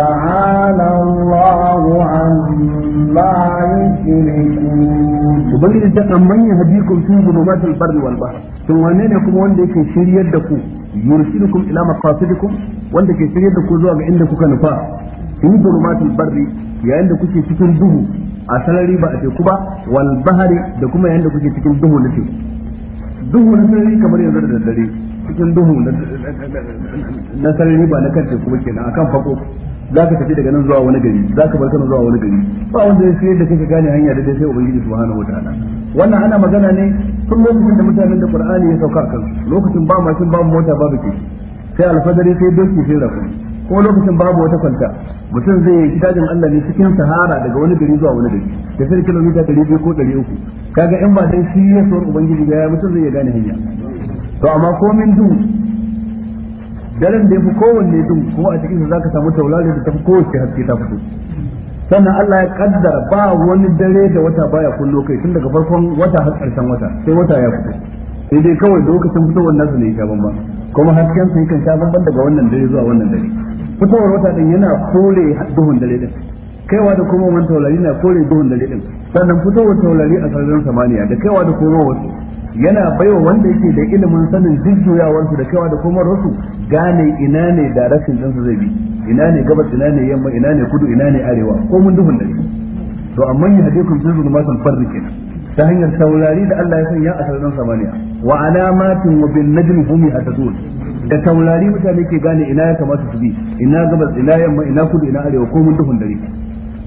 تعالى الله عما يشركون وبنجد ده أمن يهديكم في ظلمات البر والبحر ثم وانين يكون وانديك ده كشير يدكم يرسلكم إلى مقاصدكم وانديك ده كشير يدكم زواب عندكم كنفاء في ظلمات البر yayin da kuke cikin duhu a sarari ba a teku ba في سكن da kuma yayin da kuke cikin duhu na sarari kamar yanzu da daddare cikin duhu na sarari ba na kanta kuma ba kenan akan fako za ka tafi daga nan zuwa wani gari za ka bar Kano zuwa wani gari ba wanda ya sayar da kai ka gane hanya da dai sai ubangiji subhanahu wataala wannan ana magana ne tun lokacin da mutanen da Qur'ani ya sauka kan lokacin ba mashin ba mota babu biki sai alfadari sai doki sai rafi ko lokacin babu wata kwanta mutum zai yi tajin Allah ne cikin sahara daga wani gari zuwa wani gari sai kilomita ɗari biyu ko ɗari uku kaga in ba dai shi ya so ubangiji ya mutum zai ya gane hanya to amma komin duhu daren da ya fi kowanne dun kuma a cikinsa za ka samu taurari da ta fi kowace haske ta fito sannan Allah ya kaddara ba wani dare da wata baya kullo kai tun daga farkon wata har karshen wata sai wata ya fito sai dai kawai lokacin fitowar nasu ne ya bamban kuma hasken su yakan sha bamban daga wannan dare zuwa wannan dare fitowar wata din yana kore duhun dare din kaiwa da komowar taurari na kore duhun dare din sannan fitowar taurari a sararin samaniya da kaiwa da komowar yana baiwa wanda yake da ilimin sanin jujjuyawar su da kewa da kuma rasu gane ina ne da din su zai bi ina ne gabas ina ne yamma ina ne kudu ina ne arewa ko mun duhun dare to amma ya hade kun zuwa ma san farrike ta hanyar taurari da Allah ya sanya a sararin samaniya wa alamatin wa bin najmi hum yahtadun da taurari mutane ke gane ina ya kamata su bi ina gabas ina yamma ina kudu ina arewa ko mun duhun dare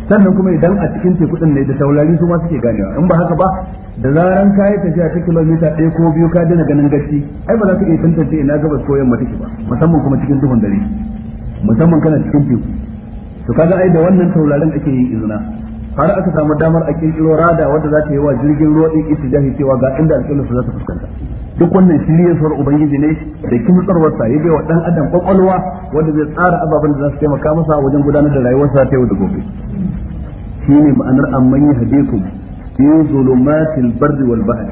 sannan kuma idan a cikin teku din ne da taurari su ma suke ganewa in ba haka ba da zaran ka yi tafiya ta kilomita ɗaya ko biyu ka dina ganin gaske ai ba za ka iya tantance ina gabas ko yamma take ba musamman kuma cikin duhun dare musamman kana cikin teku to kaga ai da wannan tauraron ake yi izina har aka samu damar a kirkiro rada wanda za ta yi wa jirgin ruwa din ittijahi cewa ga inda alƙiblarsa za ta fuskanta duk wannan shiryarwar ubangiji ne da kimtsarwar sa ya wa dan adam kwakwalwa wanda zai tsara ababen da za su taimaka masa wajen gudanar da rayuwarsa ta yau da gobe shine ma'anar amman yahdikum fi zulumatil bardi wal wanda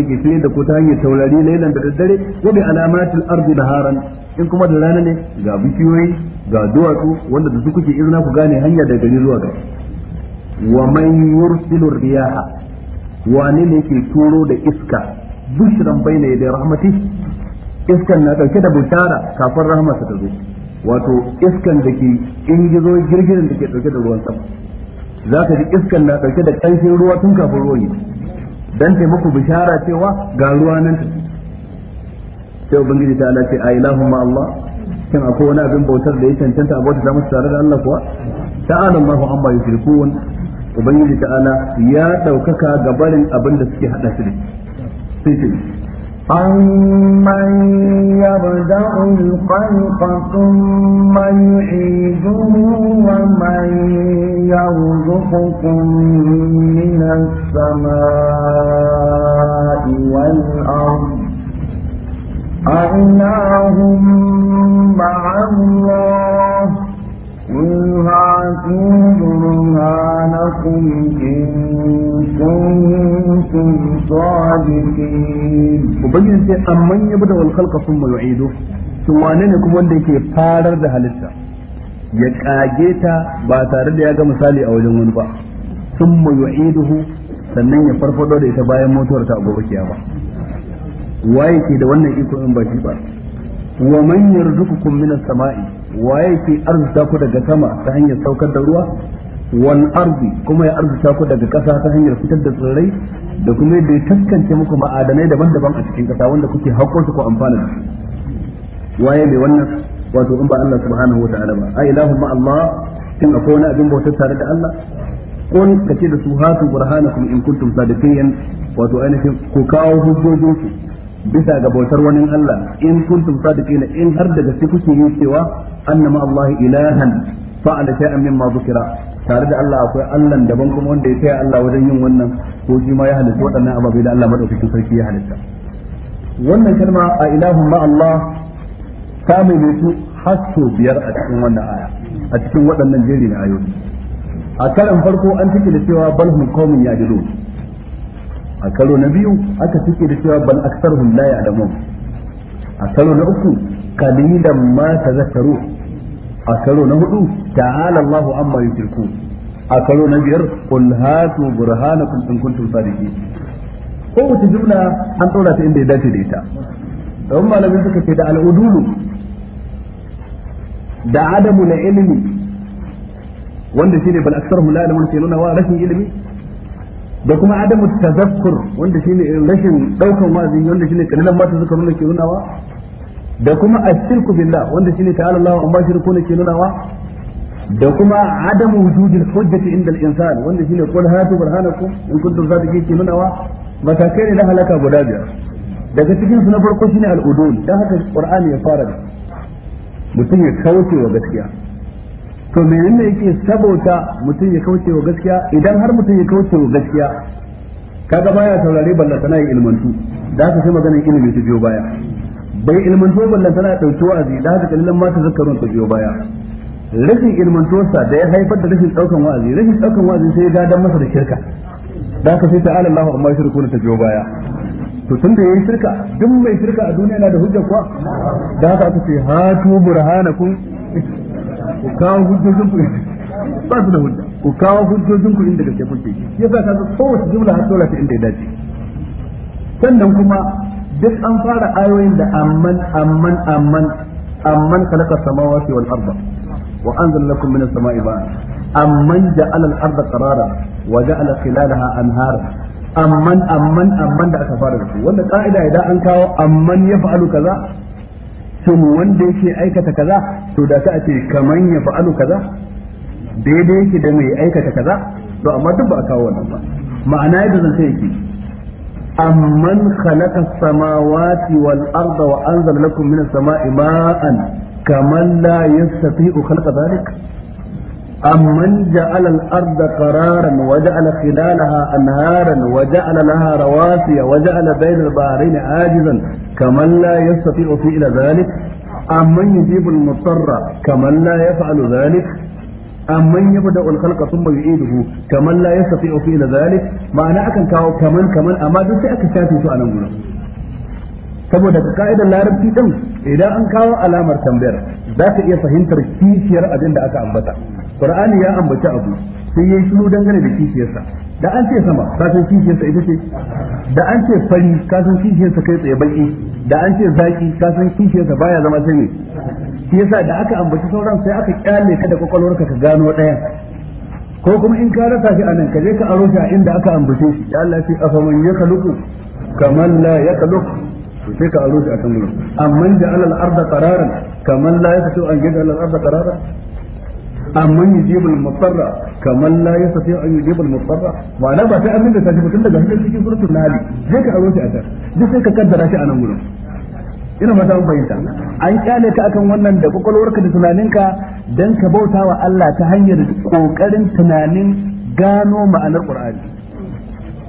ke fiye da ko ta hanyar taurari lailan da daddare wa bi alamatil ardi naharan in kuma da rana ne ga bishiyoyi ga duwatsu wanda da su kuke izina ku gane hanya da gari zuwa gari wa man riyaha wane ne ke turo da iska bushran rahmati iskan na dauke da kafin rahmata ta zo wato iskan da da ke dauke da ruwan sama za ka ji iskan na ɗauke da ƙanshin ruwa tun kafin ruwan yi dan taimako bishara cewa ga ruwa nan sai ubangiji ta ce a ilahun ma Allah shin akwai wani abin bautar da ya cancanta a bautar musu tare da Allah kuwa ta'ala Allahu amma yushrikun ubangiji ta'ala ya ɗaukaka ga barin abin da suke hada su da أَمَّنْ يَبْدَأُ الْخَلْقَ ثُمَّ يُعِيدُهُ وَمَنْ يَرْزُقُكُم مِّنَ السَّمَاءِ وَالْأَرْضِ أَإِلَٰهٌ مَّعَ اللَّهِ قل هاتوا برهانكم إن كنتم صادقين وبين سي أمن يبدأ الخلق ثم يعيده ثم أنني كم وندي كي فارر ده لسا يكاجيتا باتار ده يجا مثالي أو جنون با ثم يعيده sannan ya farfado da ita bayan motuwar ta gobe kiyama waye ke da wannan iko in ba shi ba wa man yarzuqukum minas sama'i waye ke arzuta ku daga sama ta hanyar saukar da ruwa wal arzi kuma ya arzuta ku daga ƙasa ta hanyar fitar da tsirrai da kuma yadda ya taskance muku ma'adanai daban-daban a cikin ƙasa wanda kuke haƙƙon su ku amfana da su waye mai wannan wato in ba Allah subhanahu wa ta'ala ba ai ilahu ma Allah in akwai wani abin bautar tare da Allah kun kace da su hatu burhanakum in kuntum sadiqin wato ainihin ku kawo hujjojinku bisa ga bautar wani Allah in kuntum sadiqina in har da gaske kuke yi cewa annama Allah ilahan fa'ala shay'an mimma zukira tare da Allah akwai Allah daban kuma wanda ya kai Allah wajen yin wannan ko shi ma ya halitta waɗannan ababe da Allah madaukakin sarki ya halitta wannan kalma a ilahun ma Allah ta mai su hasso biyar a cikin wannan aya a cikin waɗannan jeri na ayoyi a karan farko an cike da cewa balhum qaumin yajidun a karo na biyu aka cike da cewa bal aktsaruhum la Adamu a karo na uku qalilan ma tazakkaru a karo na hudu ta'ala Allahu amma yushriku a karo na biyar qul hatu burhanakum in kuntum sadiqin ko wata jumla an tsora ta inda ya dace da ita don malamin suka ce da al'udulu da adamu na ilimi wanda shine bal aktsaruhum la ya'lamun sai nuna wa rashin ilimi da kuma adamu tazakkur wanda shine rashin daukan wa'azi wanda shine kalilan mata suka nuna ke nunawa da kuma ashirku billah wanda shine ta'ala Allah amma shirku ne ke nunawa da kuma adamu wujudil hujjati inda al-insan wanda shine qul hatu burhanakum in kuntum sadiqin ke nunawa matakai ne na halaka guda biyar daga cikin su na farko shine al-udul dan haka qur'ani ya fara mutum ya kauce wa gaskiya to me ne yake saboda mutum ya kauce wa gaskiya idan har mutum ya kauce wa gaskiya kaga baya taurare balla sana ya ilmantu da haka sai maganar ilimi ta biyo baya bai ilmantu balla sana ya dauki wa'azi da haka kalilan ma tazakkarun ta biyo baya rashin ilmantuwarsa da ya haifar da rashin daukan wa'azi rashin daukan wa'azi sai ya gadan masa da shirka da haka sai ta'ala Allah amma shirku ta biyo baya to tun da yayi shirka duk mai shirka a duniya yana da hujja kuwa da haka aka ce hatu burhanakum ku kawo hujjojin ku ba su da hujja ku kawo hujjojin ku inda kake kuke shi yasa ka ga kowace jumla har dole ta inda ya dace sannan kuma duk an fara ayoyin da amman amman amman amman khalaqa samawati wal arda wa anzala lakum minas samai ma'an amman ja'ala al arda qarara wa ja'ala khilalaha anhara amman amman amman da aka fara da su wanda ka'ida idan an kawo amman yaf'alu kaza shin wanda yake aikata kaza to da ta ce kaman ya fa'alu kaza daidai yake da mai aikata kaza to amma duk ba a kawo wannan ba ma'ana yadda zan sai yake amman khalaqa samawati wal arda wa anzala lakum minas sama'i ma'an kaman la yastati'u khalqa dhalik أمن جعل الأرض قرارا وجعل خلالها أنهارا وجعل لها رواسي وجعل بين البحرين عاجزا kaman la yastati'u fi ila zalik amman yujibu al-mutarra kaman la yaf'alu zalik amman yabda'u al-khalqa thumma yu'iduhu kaman la yastati'u fi ila zalik ma'ana akan kawo kaman kaman amma duk sai aka shafe su a nan saboda ka'idar larabci din idan an kawo alamar tambayar za ka iya fahimtar kishiyar abin da aka ambata qur'ani ya ambaci abu sai yayi shiru dangane da kishiyarsa da an ce sama ka san kishiyar sa ita ce da an ce fari ka san kishiyar sa kai tsaye baki da an ce zaki ka san kishiyar sa baya zama sai ne shi yasa da aka ambaci sauran sai aka kyale ka da kwakwalwarka ka gano ɗaya. ko kuma in ka rasa shi anan ka je ka aro shi a inda aka ambace shi ya Allah afa mun ya kaluku kamar la ya kaluku sai ka aro shi a kan gurin amma da al-ardha qararan kamar la ya kaluku an ja'ala al-ardha qararan amman yujibul mutarra kaman la yastati an yujibul mutarra ba na ba sai an da tashi mutum daga cikin cikin suratul nahl sai ka aro shi a can duk sai ka kaddara shi a nan gurin ina fata mun bayyana an kyale ka akan wannan da kwakwalwarka da tunaninka dan ka bauta wa Allah ta hanyar kokarin tunanin gano ma'anar Qur'ani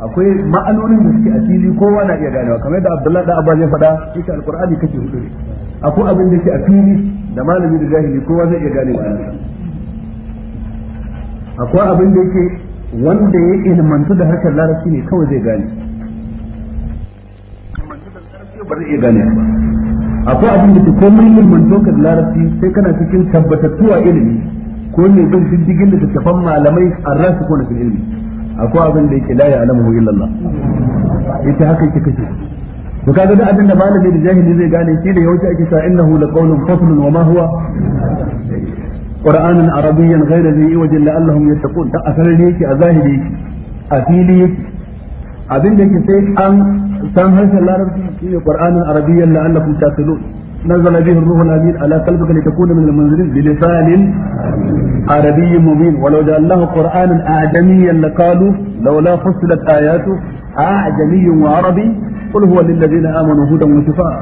akwai ma'anonin da suke a fili kowa na iya ganewa kamar yadda Abdullahi da Abba ya faɗa yake alqur'ani kake hudu akwai abin da ke a fili da malami da jahili kowa zai iya gane akwai abin da yake wanda ya ilmantu da harkar larabci ne kawai zai gane ba zai iya gane akwai abin da ke komai ilmantu ka larabci sai kana cikin tabbatattuwa ilimi ko ne bin diddigin da tafan malamai a rasu ko na ilimi akwai abin da yake la ya alamu illallah ita haka yake kace to kaga da abin da malami da jahili zai gane shi da yawanci ake cewa innahu laqawlun faslun wa ma huwa qur'anan arabiyyan ghayra dhi iwajin la'allahum yattaqun da asalin yake a zahiri yake a fili yake abin da yake sai an san harshen larabci shine qur'anan arabiyyan la'allakum taqilun نزل به الروح الامين على قلبك لتكون من المنزلين بلسان عربي مبين ولو جعلناه قرانا اعجميا لقالوا لولا فصلت اياته اعجمي وعربي قل هو للذين امنوا هدى وشفاء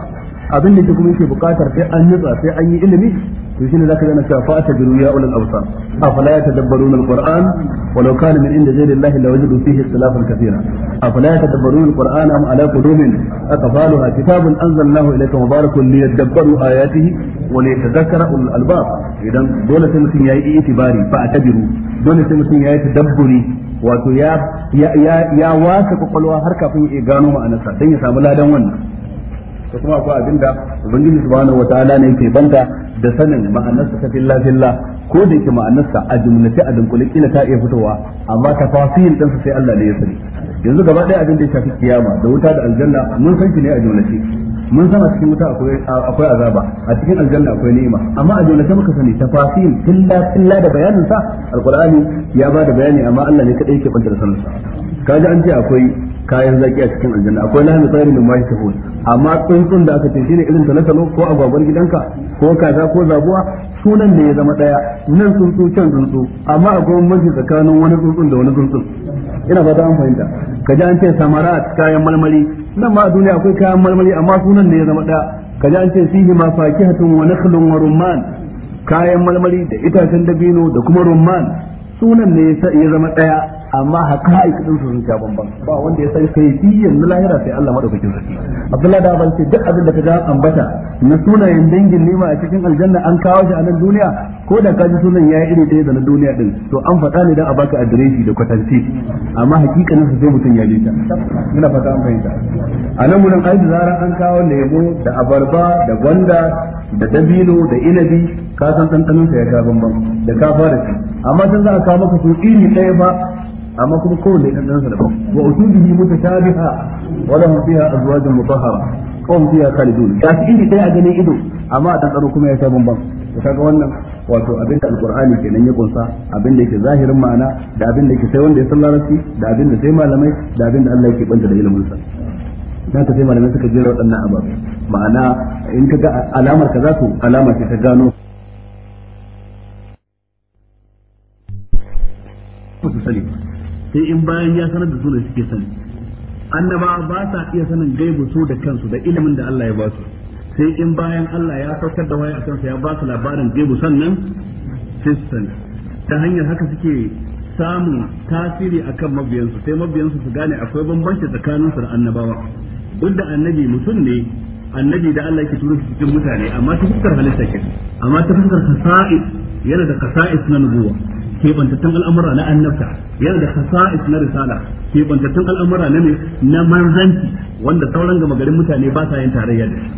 abin da kuma yake bukatar sai an nutsa sai an yi ilimi to shine zaka gana cewa fa ta biru ya ulul alquran walau kana min inda ghayri allahi lawajidu fihi ikhtilafan kathira afala yatadabbaruna alqur'ana am ala qulumin aqfaluha kitabun anzalnahu ilayka mubarakun liyadabbaru ayatihi wa liyatadhakkara ulul albab idan dole sai mutum yayi itibari fa ta biru dole sai mutum yayi tadabburi wato ya ya ya wasa kwakwalwa har kafin ya gano ma'anarsa dan ya samu ladan wannan da kuma akwai abinda ubangiji subhanahu wataala ne yake banta da sanin ma'anarsa ta filla filla ko da yake ma'anarsa a jumlace a dunkule kila ta iya fitowa amma tafasil din sai Allah ne ya sani yanzu gaba ɗaya abin da ya shafi kiyama da wuta da aljanna mun san shi ne a jumlace mun san a cikin wuta akwai azaba a cikin aljanna akwai ni'ima amma a jona muka sani tafasil illa illa da bayanin sa alqur'ani ya ba da bayani amma Allah ne kadai yake banta da sanin sa kaji an ce akwai kayan zaki a cikin aljanna akwai lahmi tsarin da mai tahul amma tsuntsun da aka ce shine irin talakalo ko agwagwar gidanka ko kaza ko zabuwa sunan ne ya zama daya nan tsuntsu can tsuntsu amma akwai bambanci tsakanin wani tsuntsun da wani tsuntsun ina fata an fahimta kaji an ce samarat kayan marmari nan ma a duniya akwai kayan marmari amma sunan ne ya zama ɗaya kaji an ce fihi ma fakihatun wa nakhlun wa rumman kayan marmari da itacen dabino da kuma rumman sunan ne ya zama ɗaya amma haqa'iq din su sun ta bamban ba wanda ya san kayfiyyar na lahira sai Allah madaukakin sarki Abdullahi da ban ce duk abin da ka ga ambata na sunayen dangin nema a cikin aljanna an kawo shi a nan duniya ko da ka ji sunan ya iri ɗaya da na duniya din to an faɗa ne don a baka adireshi da kwatanci amma hakikanin su sai mutum ya ta muna fata an fahimta a nan wurin aiki zarar an kawo lemo da abarba da gwanda da dabino da inabi ka san ɗanɗanon sa ya sha bambam da ka fara shi. amma san za a kawo maka su iri ɗaya ba amma kuma kowanne ɗanɗanon sa daban wa usubihi mutashabiha wa lahum fiha azwajun mutahhara fahim fiya khalidun ga su iri sai a ganin ido amma a tsaro kuma ya sha bamban to kaga wannan wato abin da alqur'ani kenan ya kunsa abin da yake zahirin ma'ana da abin da yake sai wanda ya san larabci da abin da sai malamai da abin da Allah yake banta da ilimin sa dan ka sai malamai suka jera waɗannan ababe ma'ana in ka ga alamar ka za to alamar ce ta gano ba su sani sai in bayan ya sanar da su ne suke sani annaba ba sa iya sanin gaibu su da kansu da ilimin da Allah ya ba su sai in bayan Allah ya saukar da waya a kansu ya ba su labarin gaibu sannan sistan ta hanyar haka suke samun tasiri akan mabiyansu sai mabiyansu su gane akwai bambanci tsakaninsu da annabawa duk da annabi mutum ne annabi da Allah yake tura cikin mutane amma ta fuskar halitta ke amma ta fuskar kasa'is yana da kasa'is na nubuwa kebantattun al'amura na annabta yana da khasa'is na risala kebantattun al'amura na ne na manzanci wanda sauran gama garin mutane ba sa yin tarayya da shi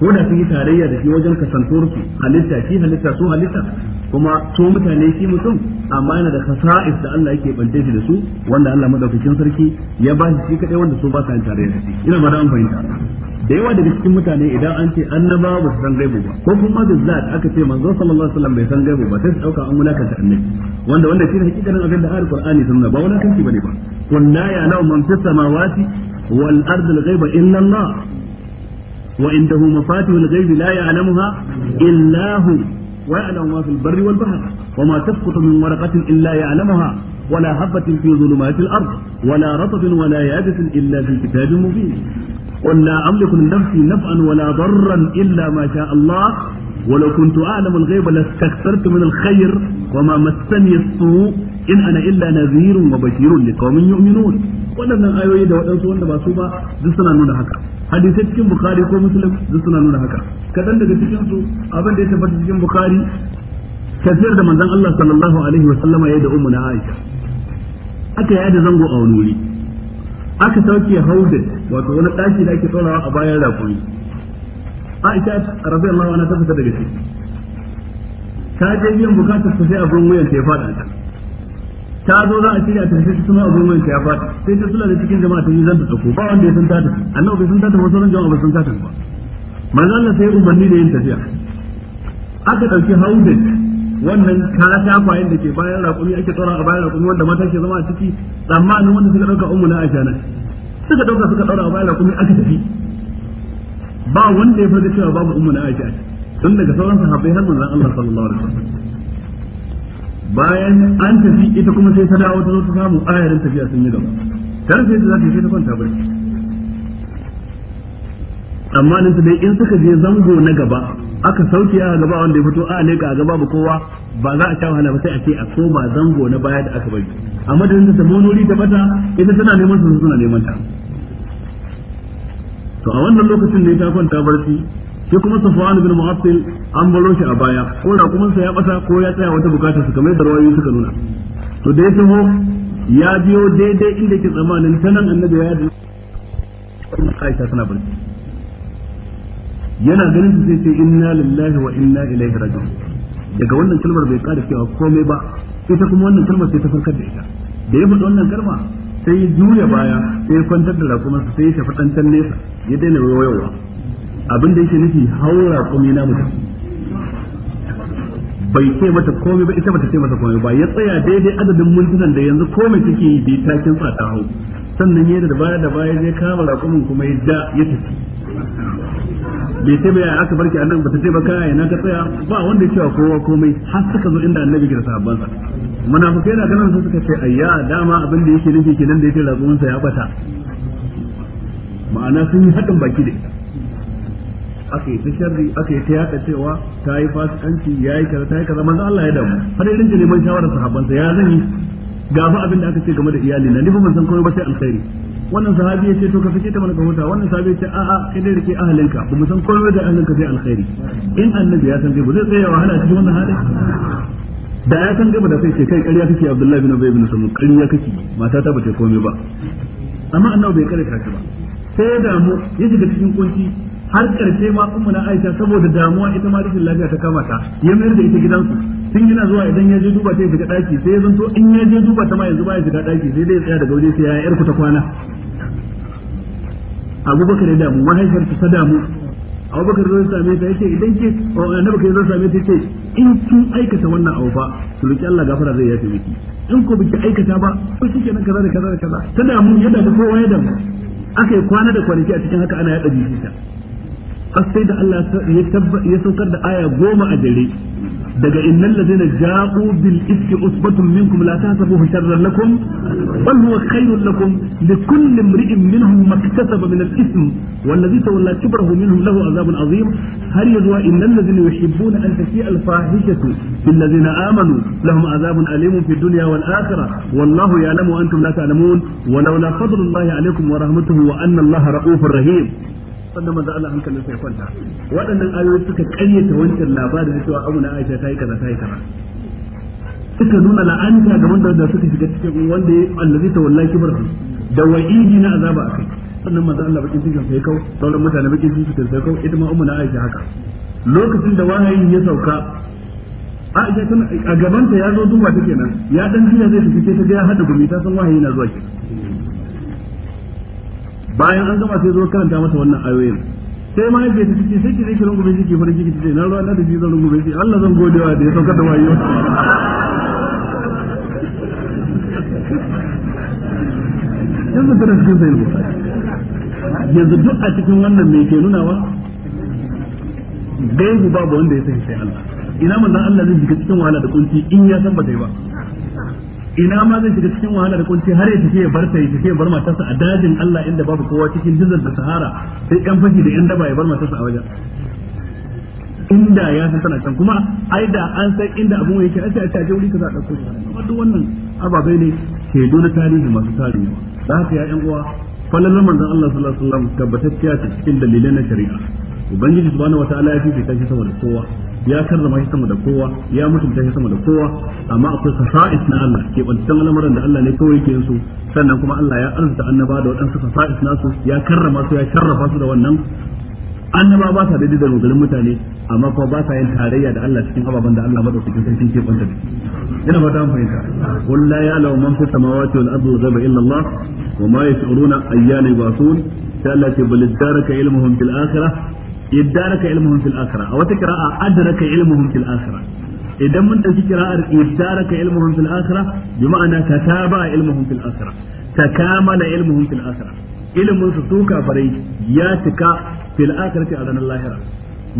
ko da sun yi tarayya da shi wajen kasantuwar su halitta shi halitta su halitta kuma to mutane shi mutum amma yana da khasa'is da Allah yake bante shi da su wanda Allah madaukakin sarki ya ba shi shi kadai wanda su ba sa yin tarayya da shi ina ba da an fahimta da yawa daga cikin mutane idan an ce annaba ba su san gaibu ba ko kuma da bizzat aka ce manzo sallallahu alaihi wasallam bai san gaibu ba sai su dauka an mulakanta annabi wanda wanda shine hakikanin abin da ayar qur'ani sun ba wala kanki bane ba kunna ya lau man fis samawati wal ardi al ghaiba illa allah wa indahu mafatihul ghaibi la ya'lamuha illa hu wa ya'lamu ma fil barri wal bahri wa ma tasqutu min waraqatin illa ya'lamuha ولا حبة في ظلمات الأرض ولا رطب ولا يابس إلا في كتاب مبين قل لا أملك لنفسي نفعا ولا ضرا إلا ما شاء الله ولو كنت أعلم الغيب لاستكثرت من الخير وما مسني السوء إن أنا إلا نذير وبشير لقوم يؤمنون waɗannan ayoyi da waɗansu wanda ba su ba duk suna nuna haka hadisai cikin bukhari ko muslim duk suna nuna haka kaɗan daga cikinsu su abin da ya tabbata cikin bukhari tafiyar da manzon Allah sallallahu alaihi wa sallama ya da zango a wani wuri aka sauke haudin wato wani daki da ake tsorawa a bayan rakuri Aisha radiyallahu anha ta fita daga ciki ta je biyan bukatar ta sai abun wuyan ta ya fada ta ta zo za a shirya ta sai kuma abun wuyan ta ya fada sai ta sula da cikin jama'a ta yi zanta tsako ba wanda ya san ta tafi annabi bai san ta tafi sauran jama'a ba san ta tafi ba manzo Allah sai umarni da yin tafiya aka dauki haudin wannan katakwayen da ke bayan raƙumi ake tsora a bayan raƙumi wanda mata ke zama a ciki tsammanin wanda suka ɗauka ummu na aisha nan suka ɗauka suka ɗaura a bayan raƙumi aka tafi ba wanda ya farga cewa babu ummu na aisha tun daga sauran sahabbai har manzon Allah sallallahu alaihi wasallam bayan an tafi ita kuma sai ta dawo ta zo ta samu ayarin tafiya sun yi gaba tare sai za ta je ta kwanta barci amma nan ta dai in suka je zango na gaba aka sauke a gaba wanda ya fito a ne a gaba ba kowa ba za a sha wahala ba sai a ce a koma zango na baya da aka bari amma da ta samu wani ta bata ita tana neman su suna neman ta to a wannan lokacin ne ta kwanta barci sai kuma Safwan bin Mu'attil an baro shi a baya ko da kuma sai ya bata ko ya tsaya wata bukata su kamar da rawayoyi suka nuna to da ya taho ya biyo daidai inda ke tsammanin sanan annabi ya yi Aisha tana barci yana ganin su sai ce inna lillahi wa inna ilaihi raji'un daga wannan kalmar bai kada cewa komai ba ita kuma wannan kalmar sai ta farkar da ita da ya faɗi wannan kalma sai jure baya sai kwantar da rakumansa sai ya tafi ɗancan nesa ya daina wayowa abin da yake nufi haura komai na mutum bai ce mata komai ba ita bata ce mata komai ba ya tsaya daidai adadin mintunan da yanzu komai take yi bai takin sa ta hau sannan ya da baya da baya zai kama rakumin kuma ya da ya tafi bai sai bai ya aka barki annabi ba ta ce ba kai na ka tsaya ba wanda ya cewa kowa komai har suka zo inda annabi da sa munafikai na kanan su suka ce ayya dama abin da yake nufi kenan da yake sa ya bata ma'ana sun yi haɗin baki da aka yi ta sharri aka yi ta yaɗa cewa ta yi fasikanci ya yi kaza ta yi kaza manzo Allah ya damu har irin shawara sahabban sa ya zan yi ga abin da aka ce game da iyali na ni ba mun san komai ba sai alkhairi wannan sahabi ya ce to ka fice ta mana ka huta wannan sahabi ya ce a'a kai dai rike ahalinka ba mu san komai da ahlinka sai alkhairi in annabi ya san gaba zai tsaya wahala cikin wannan hali da ya san gaba da sai ce kai ƙarya kake Abdullahi bin Ubay bin Salul ƙarya kake mata ta bace komai ba amma annabi bai kare ta ba sai ya damu ya shiga cikin kunci har karshe ma ummu na Aisha saboda damuwa ita ma rashin lafiya ta kama ta ya mayar da ita gidansu tun yana zuwa idan ya je duba ta shiga daki sai ya zanto in ya je duba ta ma yanzu ba ya shiga daki sai dai tsaya daga waje sai ya yar ku ta kwana Abubakar ya damu mahaifar ta damu Abubakar zai same ta yace idan ke annabi kai zai same ta yace in kin aikata wannan abu ba to roki Allah gafara zai yafe miki in ko biki aikata ba ko kike nan kaza da kaza da kaza ta damu yadda da kowa ya damu aka yi kwana da kwanaki a cikin haka ana yada ta. har sai da Allah ya saukar da aya goma a dare daga innal ladina ja'u bil ifki usbatun minkum la tahsabuhu sharran lakum bal huwa khayrun lakum li kulli imri'in minhum maktasaba min al ithm wal ladhi tawalla kibrahu minhum lahu azabun azim har yadwa innal ladina yuhibbuna an tasi'a al fahishatu bil ladina amanu lahum azabun alimun fid dunya wal akhirah wallahu ya'lamu antum la ta'lamun wa laula fadlullahi alaykum wa rahmatuhu wa anna allaha ra'ufur rahim sannan manzo Allah hankalin ya kwanta waɗannan ayoyi suka kayyata wancan labarin da cewa Abu na Aisha ta yi kaza ta yi kaza suka nuna la'anta ga wanda da suka shiga cikin wanda ya allazi ta wallahi kibarhu da wa'idi na azaba akai sannan manzo Allah bakin cikin sai kau sauran mutane bakin cikin sai kau ita ma Ummu na Aisha haka lokacin da wahayin ya sauka Aisha tana a gabanta ya zo duba take nan ya dan jiya zai tafi ta ga hada gumi ta san wahayi na zuwa kenan bayan an gama sai zo karanta masa wannan ayoyin sai ma yake ciki sai ki zai rungume ciki fara ciki ce na ruwa na da zan rungume ciki Allah zan gode wa da ya saukar da wayo yanzu tana cikin sayar bukari yanzu duk a cikin wannan me ke wa gaibu babu wanda ya sani sai Allah ina manzon Allah zai shiga cikin wahala da kunci in ya san ba ta yi ba ina ma zai shiga cikin wahalar kunci har ya tafi ya bar ta ya tafi ya bar matarsa a dajin Allah inda babu kowa cikin dizar da sahara sai yan fashi da yan daba ya bar matarsa a wajen inda ya san tana can kuma ai da an san inda abun yake ai sai a taje wuri kaza a dauko shi duk wannan ababai ne ke dole tarihi masu tarihi da haka ya yan uwa fallalar manzon Allah sallallahu alaihi wasallam tabbatacciya cikin dalilan na shari'a ubangiji subhanahu wataala ya fifita shi sama da kowa ya karrama shi sama da kowa ya mutunta shi sama da kowa amma akwai fasa'is na Allah ke bantan al'amuran da Allah ne kawai yake su sannan kuma Allah ya arzuta annaba da waɗansu fasa'is nasu ya karrama su ya sharrafa su da wannan annaba ba sa daidai da rogarin mutane amma kuma ba sa yin tarayya da Allah cikin ababen da Allah madaukakin sarki ke kwanta da ina fata mun fahimta qul la ya'lamu man fis samawati wal ardi ghaiba illa Allah wa ma yash'uruna ayyana yub'athun sai Allah ce bal daraka ilmuhum fil akhirah iddaraka ilmuhum fil akhirah a wata qira'a adraka ilmuhum fil idan mun dauki qira'ar iddaraka ilmuhum fil akhirah bi ma'ana kataba ilmuhum fil akhirah takamala ilmuhum fil akhirah ilmun su suka farai ya tuka fil a ranar lahira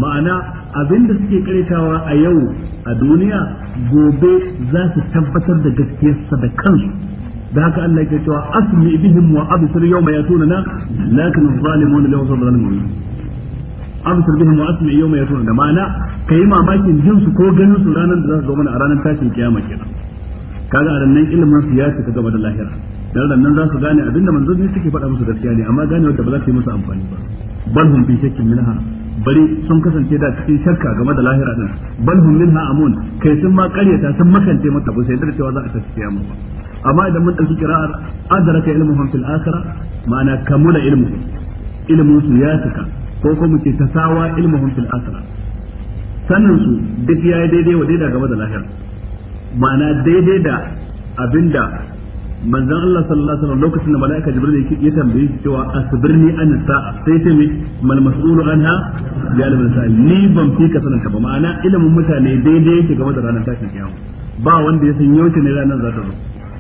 ma'ana abinda suke karitawa a yau a duniya gobe za su tabbatar da gaskiyarsa da kansu da haka Allah ke cewa asmi bihim wa absir yawma yatuna na lakin zalimun la yawzalun absar bihim wa asmi yawma yatun da ma'ana yi mamakin jin su ko ganin su ranar da za su zo mana a ranar tashin kiyama kenan kaga a nan ilimin su ya cika gaba da lahira dan nan za su gane abinda manzoni suke faɗa musu gaskiya ne amma gane wanda ba za su yi musu amfani ba bal hum fi shakkin minha bari sun kasance da cikin shakka game da lahira din bal hum minha amun kai sun ma karyata sun makance mata ba sai da cewa za a tafi kiyama ba amma idan mun dauki qira'ar adaraka ilmuhum fil akhirah ma'ana kamula ilmu ilmun su ya cika ko kuma ce tasawa ilmuhum fil asra sanin su duk yayi daidai wa daidai gaba da lahira ma'ana daidai da abinda manzon Allah sallallahu alaihi wasallam lokacin da malaika jibril ya tambaye shi cewa asbirni an ta mal mas'ulu anha ya ni ban fi ka sanin ka ba ilimin mutane daidai yake da wanda ya san yau ne ranar za ta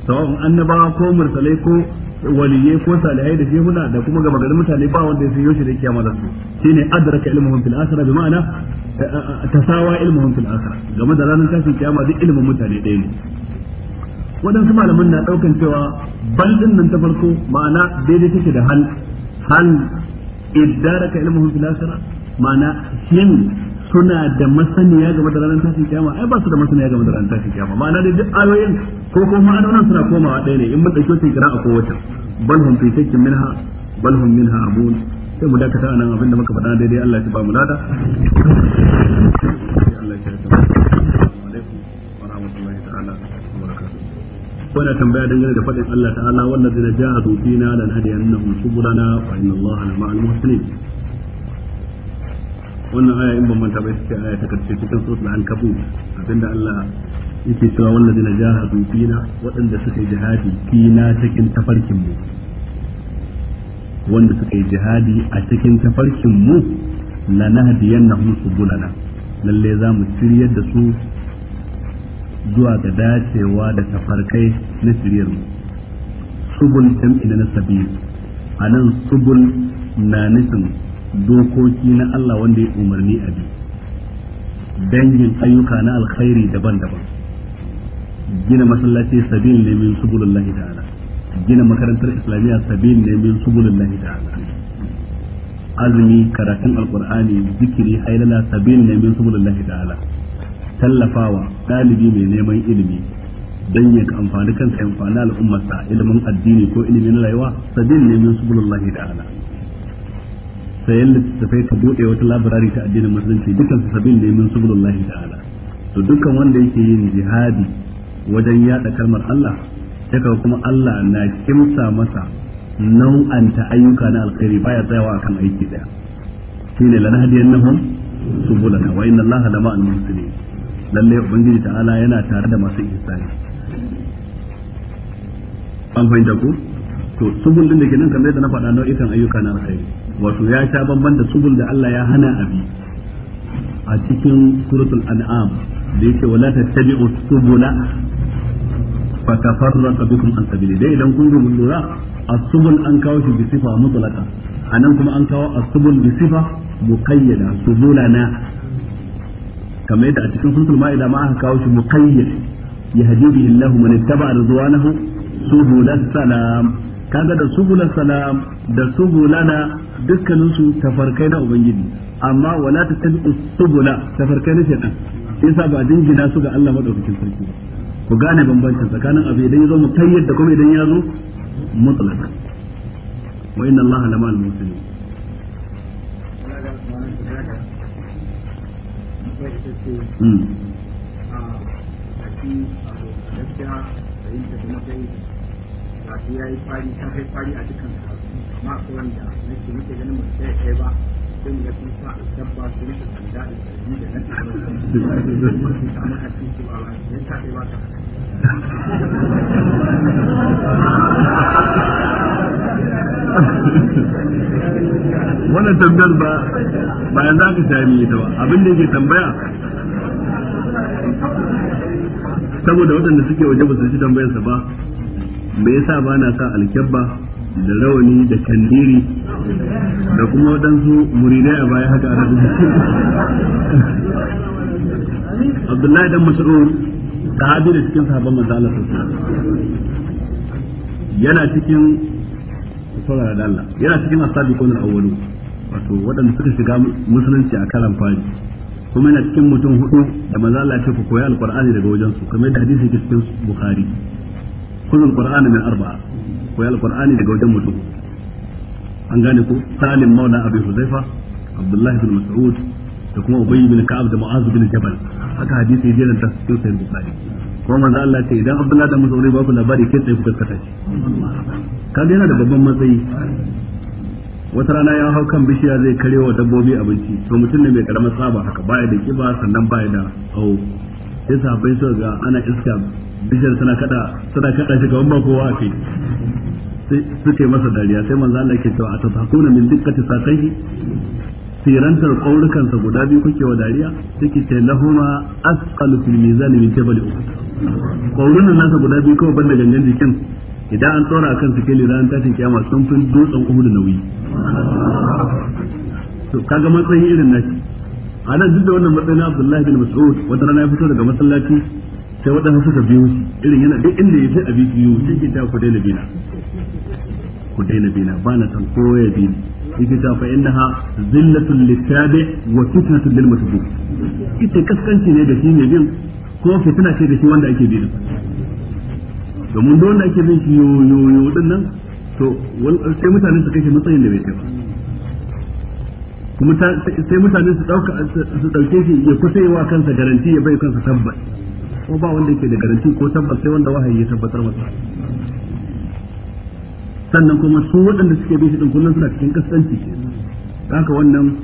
zo annabawa ko mursalai ko waliyai ko salihai da shehuna da kuma gama garin mutane ba wanda ya sayo shi da kiyama da su shine adraka ilmuhum fil akhirah bi ma'ana eh, eh, tasawa ilmuhum fil akhirah game da ranar tashin kiyama duk ilmin mutane ɗaya ne Wadansu malamin na ɗaukan cewa bal din nan ta farko ma'ana daidai take da hal hal idaraka ilmuhum fil akhirah ma'ana shin suna da masaniya game da ranar tashin kiyama ai ba su da masaniya game da ranar tashin kiyama ma'ana dai duk ayoyin ko ko ma'anonin suna komawa ɗaya ne in mun dauke su kira a kowace bal hum fi shakkin minha bal hum minha abun sai mu dakata anan abinda muka faɗa daidai Allah ya ba mu lada Allah ya wani tambaya dangane da faɗin Allah ta'ala wannan zina ja'adu fina lan hadiyannahum subulana wa inna Allah ma'al wannan aya in ban manta ba ita aya ta karshe cikin suratul ankabut abinda Allah yake cewa walladina jahadu fina waɗanda suka yi jihadi fina cikin tafarkin mu wanda suka yi jihadi a cikin tafarkin mu lanahdiyannahum subulana lalle za mu shiryar da su zuwa ga dacewa da tafarkai na shiryar mu subul jam'i na sabil anan subul na nufin dokoki na Allah wanda ya umarni a bi dangin ayyuka na alkhairi daban-daban gina masallaci sabin ne min subulullahi ta'ala gina makarantar islamiyya sabin ne min subulullahi ta'ala azumi karatun alqur'ani zikiri hailala sabin ne min subulullahi ta'ala tallafawa dalibi mai neman ilimi dan ya amfani kansa amfani al'ummarsa ilimin addini ko ilimin rayuwa sabin ne min subulullahi ta'ala sayan littattafai ta bude wata labarari ta addinin musulunci dukkan su sabin ne min subulullahi ta'ala to dukkan wanda yake yin jihadi wajen yada kalmar Allah Ya kawo kuma Allah na kimsa masa nau'anta ayyuka na alkhairi baya tsayawa akan aiki daya shine lanahdiyannahum subulana wa inna Allaha lama'al musulmi lalle ubangiji ta'ala yana tare da masu ihsani an fahimta ku to subul din da ke nan kamar da na faɗa nau'ikan ayyuka na alkhairi wato ya sha bamban da subul da Allah ya hana abi a cikin suratul an'am da yake wala tattabi'u subula bikum an sabili dai idan kun rubu lura as-subul an kawo shi bi sifa mutlaqa anan kuma an kawo as-subul bi sifa muqayyada subulana kamar yadda a cikin suratul ma'ida ma aka kawo shi muqayyad man ittaba'a ridwanahu kaga da da subulana dukkanin su tafarkai na ubangiji amma wala tattabi'u subula tafarkai na shaytan yasa ba dingina su ga Allah madaukakin sarki ku gane bambancin tsakanin abu idan yazo mutayyid da kuma idan yazo mutlaq wa inna Allah lamal muslimin Mm. ya yi fari ta kai fari a cikin akwai wanda nake nake ganin mu sai kai ba don ya ga sun sa alkabba su rike sanda da karbi da nan kuma da samu hakkin da ba ba da ta kai ba ta wannan tambayar ba ba yanzu aka sami ita ba abin da yake tambaya saboda waɗanda suke waje ba su ci tambayarsa ba me yasa ba na sa alkyabba da rawani da kandiri da kuma waɗansu muridai a baya haka a Abdullahi dan Mas'ud sahabi da cikin sahabban manzo Allah yana cikin saurara da Allah yana cikin asabi na awwalu wato waɗanda suka shiga musulunci a karan fari kuma yana cikin mutum hudu da manzo Allah ya ku koyi alqur'ani daga wajen su kamar yadda hadisi yake cikin bukhari kullul qur'ana min arba'a koyi alqur'ani daga wajen mutum an gane ko salim maula abi huzaifa abdullah bin mas'ud da kuma ubay bin ka'ab da mu'az bin jabal haka hadisi yana da cikin sahih bukhari ko manzo Allah ce idan abdullah da mas'ud ba ku labari ke tsaye ku gaskata shi kaga yana da babban matsayi wata rana ya hau kan bishiya zai karewa dabbobi abinci to mutum ne mai karamar tsaba haka baya da kiba sannan baya da awo ya sahabbai suka ga ana iska bishar tana kada tana kada shi kamar ba kowa a kai sai suke masa dariya sai manzo Allah yake cewa atatahakuna min dikkati saqihi sirantar kaurukansa guda biyu kuke wa dariya suke ce lahuma asqalu fil mizan min jabal uhud kaurunan nasa guda biyu kawai banda gangan jikin idan an tsora kan su kele ran tashin kiyama sun fi dutsen uhud nauyi to kaga matsayin irin nashi anan duk da wannan matsayin Abdullahi bin Mas'ud wata rana ya fito daga masallaci sai waɗansu suka biyo shi irin yana duk inda ya sai abi biyo shi ke ta ku daina bina ku daina bina ba na san ko ya bi yake ta fa innaha zillatul litabi wa fitnatul lil mutaqin ita kaskanci ne da shi ne bin ko fitina ce da shi wanda ake bi da domin da wanda ake bin shi yo yo yo din nan to sai mutane su kashe matsayin da bai kai ba kuma sai mutane su dauka su dauke shi ya kusa yi wa kansa garanti ya bai kansa tabbas ko ba wanda yake da garanti ko tabbas sai wanda wahayi ya tabbatar masa sannan kuma su waɗanda suke bi shi din kullun suna cikin ke haka wannan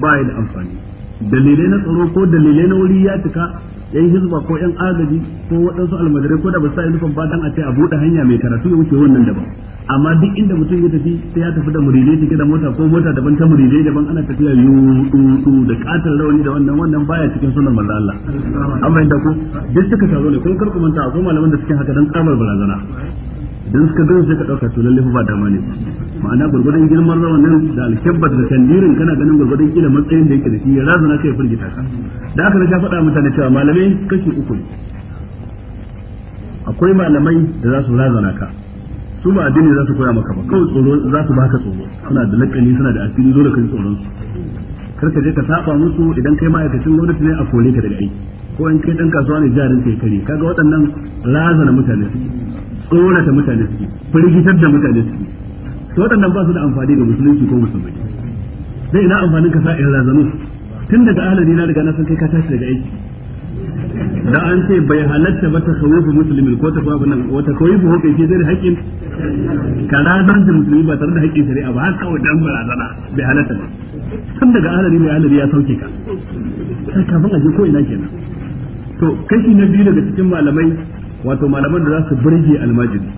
ba da amfani dalilai na tsaro ko dalilai na wuri ya cika yan hizba ko yan agaji ko waɗansu almajirai ko da ba sa ilfan ba dan a ce a buɗe hanya mai karatu ya wuce wannan daban amma duk inda mutum ya tafi sai ya tafi da muridai ta da mota ko mota daban ta muridai daban ana tafiya yu-yu-yu da katar rawani da wannan wannan baya cikin sunan manzo Allah amma inda ku duk suka tazo ne kun karku manta akwai malaman da suke haka dan kamar barazana idan suka gan sai ka dauka to lalle ba dama ne ma'ana gurgurdan girman nan da alkebbat da tandirin kana ganin gurgurdan kila matsayin da yake da shi ya razana kai firgita ka da aka ta faɗa mutane cewa malamai kashi uku akwai malamai da za su razana ka su ba addini za su koya maka ba kawai tsoro za su baka tsoro suna da lakani suna da asiri dole ka ji tsoron su kar ka je ka saba musu idan kai ma'aikacin gwamnati ne a kore ka daga aiki ko in kai dan kasuwa ne jarin kai kare kaga waɗannan razana mutane suke tsorata mutane suke firgitar da mutane suke to waɗannan ba su da amfani ga musulunci ko musulmai zai ina amfanin ka sa'in razanu tun daga ahalari na riga na san kai ka tashi daga aiki da an ce bai halatta ba ta kawai musulmi ko ta kawai nan wata kawufu hukai ce zai da haƙƙin karadar da musulmi ba tare da haƙƙin shari'a ba har kawai dan barazana bai halatta ba tun daga ahalari mai ahalari ya sauke ka sai ka kafin aje ko ina kenan to kashi na biyu daga cikin malamai wato malaman da za su burge almajiri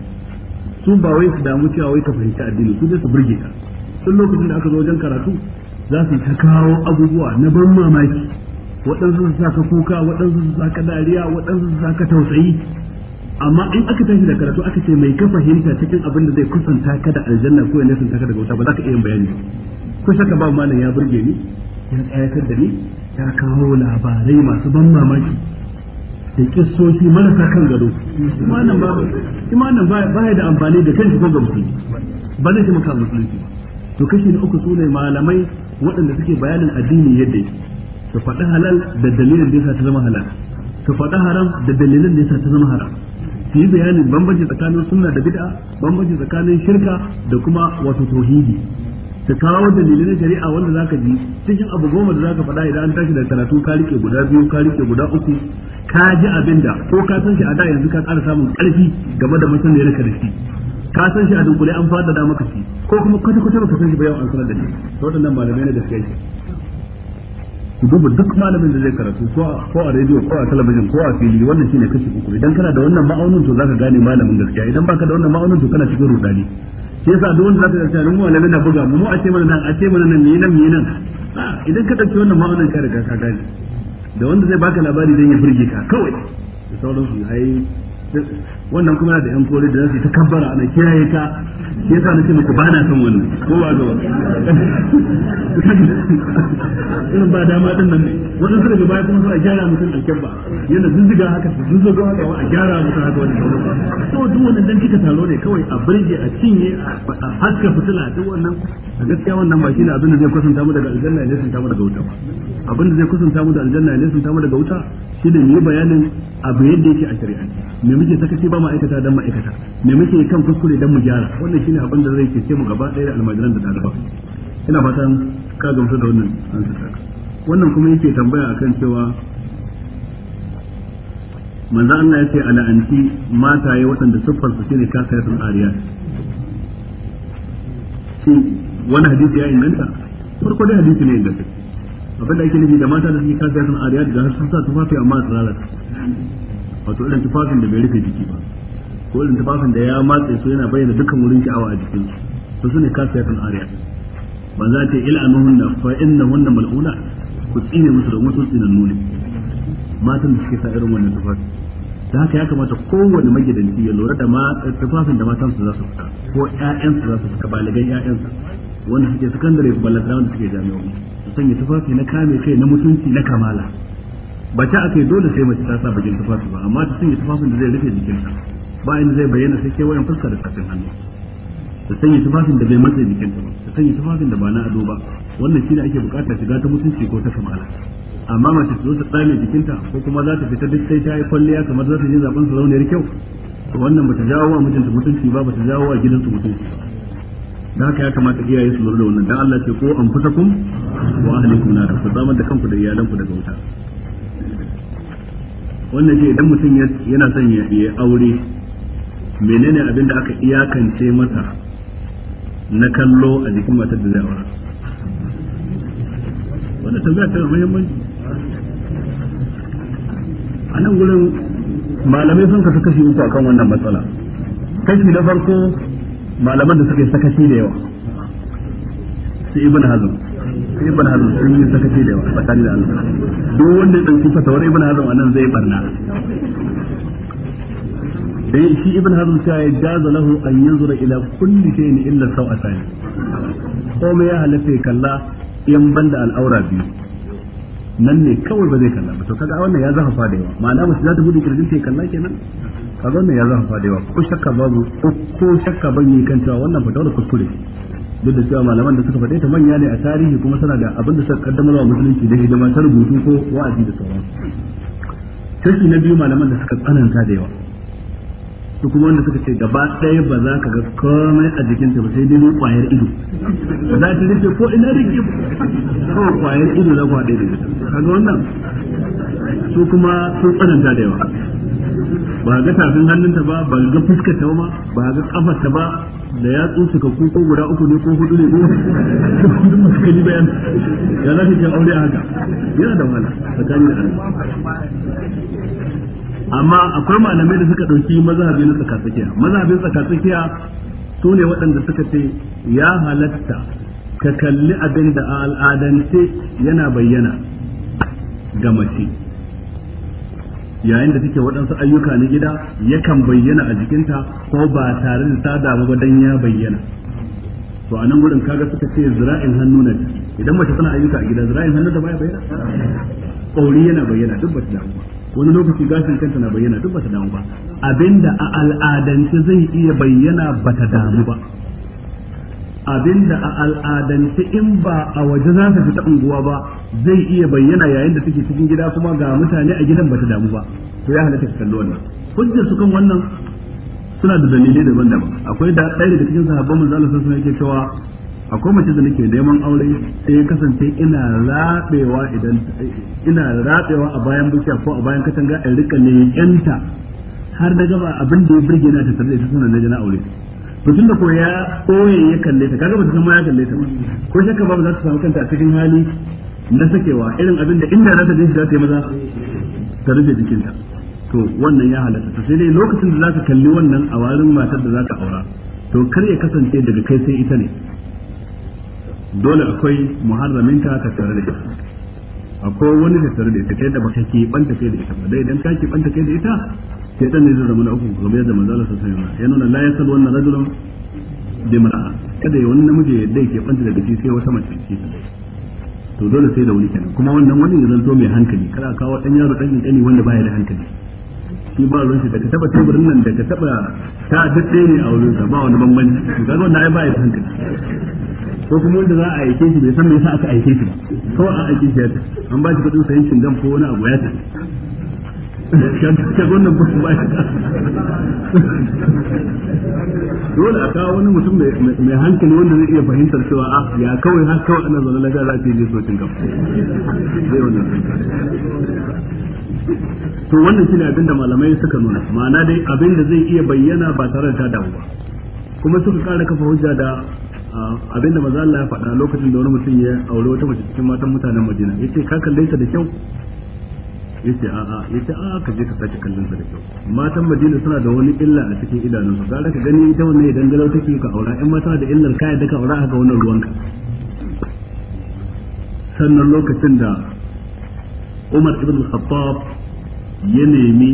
su ba wai su damu cewa wai ka fahimci addini su dai su burge ka sun lokacin da aka zo wajen karatu za su ta kawo abubuwa na ban mamaki waɗansu su sa ka kuka waɗansu su sa ka dariya waɗansu su sa ka tausayi amma in aka tashi da karatu aka ce mai ka fahimta cikin abin da zai kusanta ka da aljanna ko ya sun ka daga wuta ba za ka iya bayani ko saka ba malam ya burge ni ya tsayatar da ni ya kawo labarai masu ban mamaki da kissoshi marasa kan gado imanin ba ba ya da amfani da kanshi ko ga musulmi ba zai taimaka musulunci ba to kashi na uku sune malamai waɗanda suke bayanin addini yadda yake su faɗi halal da dalilin da yasa ta zama halal su faɗi haram da dalilin da yasa ta zama haram su yi bayanin bambanci tsakanin sunna da bid'a bambanci tsakanin shirka da kuma wato tauhidi ta kawo dalilin shari'a wanda zaka ji cikin abu goma da zaka faɗa idan an tashi da karatu ka rike guda biyu ka rike guda uku ka ji abin da ko ka san shi a da yanzu ka ƙara samun ƙarfi game da masaniyar ka da shi ka san shi a dunkule an da maka shi ko kuma kwata kwata ka san shi ba yau an sanar da shi waɗannan malamai na gaskiya ke ku duba duk malamin da zai karatu ko a rediyo ko a talabijin ko a fili wannan shine kashi uku idan kana da wannan ma'aunin to zaka gane malamin gaskiya idan baka da wannan ma'aunin to kana cikin rudani shi yasa duk wanda zaka tsaya mu malamin na buga mu a ce mana nan a ce mana nan mi nan mi nan idan ka dauki wannan ma'anar ka riga ka gani da wanda zai baka labari dan ya burge ka kawai da sauransu ai wannan kuma yana da yan kore da zasu ta kabbara ana kiyaye ta ka yasa nake muku ba na son wannan ko ba ga Ina ba dama din nan ne wannan sai daga baya kuma su a gyara mutum da ba yana zuzuga haka su zuzzuga haka a gyara mutum haka wannan. to duk wannan dan kika taro ne kawai a burge a cinye a haska fitila duk wannan a gaskiya wannan ba shi ne abin da zai kusanta mu daga aljanna ne sun mu daga wuta ba. abin da zai kusanta mu da aljanna ne sun mu daga wuta shi ne bayanin abu yadda yake a shari'a me muke saka ba ba ma'aikata dan ma'aikata me muke kan kuskure dan mu gyara wannan shine abin da zai ce mu gaba ɗaya da almajiran da dalibai ina fatan ka gamsu da wannan an wannan kuma yake tambaya akan cewa manzo Allah yace ala anti mataye waɗanda siffar su shine kasayatul ariyat shi wannan hadisi ya inganta farko dai hadisi ne inganta abin da ake nufi da mata da suke kasayatul ariyat da har sun sa tufafi amma tsirara wato irin tufafin da bai rufe jiki ba ko irin tufafin da ya matse su yana bayyana dukkan wurin sha'awa a jikin su su ne kasiyatul ariya ba za ta yi ila annahunna fa innahunna mal'una ku tsine musu da musu tsinan nuni matan da suke sa irin wannan tufafi da haka ya kamata kowane magidanci ya lura da tufafin da matan su za su fita ko ƴaƴan su za su fita baligan ƴaƴan su wanda suke sakandare balantana wanda suke jami'o'i su sanya tufafi na kame kai na mutunci na kamala ba ta akai dole sai mace ta sa bakin tufafi ba amma ta sanya tufafin da zai rufe jikinta ba inda zai bayyana sai kewayen fuska da tafin hannu ta sanya tufafin da bai matsa jikinta ba ta sanya tufafin da ba na ado ba wannan shi ne ake bukata shiga ta mutunci ko ta kamala amma mace ta zo ta tsame jikinta ko kuma za ta fita duk sai ta yi kwalliya kamar za ta yi zaben sarauniyar kyau to wannan ba ta jawo wa mijinta mutunci ba ba ta jawo wa gidansu mutunci ba da haka ya kamata iyaye su lura da wannan dan Allah ce ko an fusa kun wa ahlikum nar ku zama da kanku da iyalanku daga wuta wannan shi idan mutum yana son ya yi aure menene abin da aka iyakance masa na kallo a jikin matar da zai aura ta zai tana muhimmanci a nan gudun malamai sun kasu kashi uku akan wannan matsala kashi na farko malaman da suka yi sakashi da yawa su ibn hazm ibn hazm sun yi sakaci da yawa tsakani da Allah duk wanda ya dauki fatawar ibn hazm anan zai barna dai shi ibn hazm sai ya jaza lahu an yanzura ila kulli shay'in illa saw'a sani komai ya halatta ya kalla in banda al'aura biyu nan ne kawai ba zai kalla ba to kaga wannan ya zahafa da yawa ma'ana mace za ta bude kirjin ta kalla kenan kaga wannan ya zahafa da yawa ko shakka babu ko shakka ban yi kan cewa wannan fatawar kuskure duk da cewa malaman da suka faɗe ta manya ne a tarihi kuma suna da abin da suka kaddamarwa musulunci da hidima ta rubutu ko wa'azi da sauran kashi na biyu malaman da suka tsananta da yawa su kuma wanda suka ce gaba ɗaya ba za ka ga komai a jikinta ba sai dai mun kwayar ido za ta rike ko ina rike ko kwayar ido za ku haɗe da ita kaga wannan su kuma sun tsananta da yawa ba ga tafin hannunta ba ba ga fuskar ta ba ba ga kafar ta ba da ya tsusu ka ko guda uku ne ko hudu ne ko duk masu kaji bayan ya za ka ce aure a haka yana da wahala tsakanin da amma akwai malamai da suka dauki mazhabi na tsakatsakiya mazhabin tsakatsakiya su ne waɗanda suka ce ya halatta ka kalli abin da a al'adance yana bayyana ga mace yayin da take waɗansu ayyuka na gida yakan bayyana a jikinta ko ba tare da ta damu ba dan ya bayyana to a nan gurin kaga suka ce zira'in hannu na idan mace tana ayyuka a gida zira'in hannu ta baya bayyana kauri yana bayyana duk ba ta damu ba wani lokaci gashin kanta na bayyana duk ba ta damu ba abinda a al'adance zai iya bayyana ba ta damu ba abinda a al'adance in ba a waje za ta fita unguwa ba zai iya bayyana yayin da take cikin gida kuma ga mutane a gidan ba ta damu ba to ya halatta ka kalli wannan hujjar su kan wannan suna da dalilai daban-daban akwai da ɗaya daga cikin sahabban manzo Allah sallallahu alaihi cewa akwai mace da nake neman aure sai kasance ina rabewa idan ina rabewa a bayan bishiya ko a bayan katanga in rika ne yanta har da gaba abin da ya burge na ta tare da ita suna na aure to tunda ko ya koye ya kalle ta kaga ba san ma ya kalle ta ba ko shakka ba za ta samu kanta a cikin hali na sakewa irin abin da inda za ta ji za ta yi maza ta rufe jikinta to wannan ya halatta to sai dai lokacin da za ka kalli wannan a warin matar da za ka aura to kar ya kasance daga kai sai ita ne dole akwai muharraminta ka tare da ita akwai wani da tare da ita kai da baka ke banta kai da ita ba dai idan ka ke banta kai da ita kitan ne zai zama na uku game da manzo Allah sallallahu alaihi ya nuna la yasal wannan rajulun bi mar'a kada ya wani namiji ya dai ke banta daga shi sai wata mace ce to dole sai da wani kenan kuma wannan wani ya zanto mai hankali kada kawo dan yaro dan kani wanda baya da hankali shi ba ruwan shi daga taba teburin nan daga taba ta daɗe ne a wurin sa ba wani bambanci kaga wannan ai baya da hankali ko kuma wanda za a aike shi bai san me yasa aka aike shi ba ko a aike shi an ba shi kudin sayan shingan ko wani abu ya tafi ba dole a kawo wani mutum mai hankali wanda zai iya fahimtar cewa a ah, ya kawai har kawai ana zaune na za ta yi cin gaba zai wannan to wannan shine abinda malamai suka nuna ma'ana dai abinda zai iya bayyana ba tare da ta ba kuma suka kara kafa hujja da abinda maza Allah ya faɗa lokacin da wani mutum ya aure wata mace cikin matan mutanen Madina yace ka kalle ta da kyau yace a a yace a ka je ka sake kallon sa da kyau matan Madina suna da wani illa a cikin idanunsu gara ka gani ita wannan idan galau take ka aura in mata da illar kai da ka aura haka wannan ruwanka sannan lokacin da Umar ibn Khattab ya nemi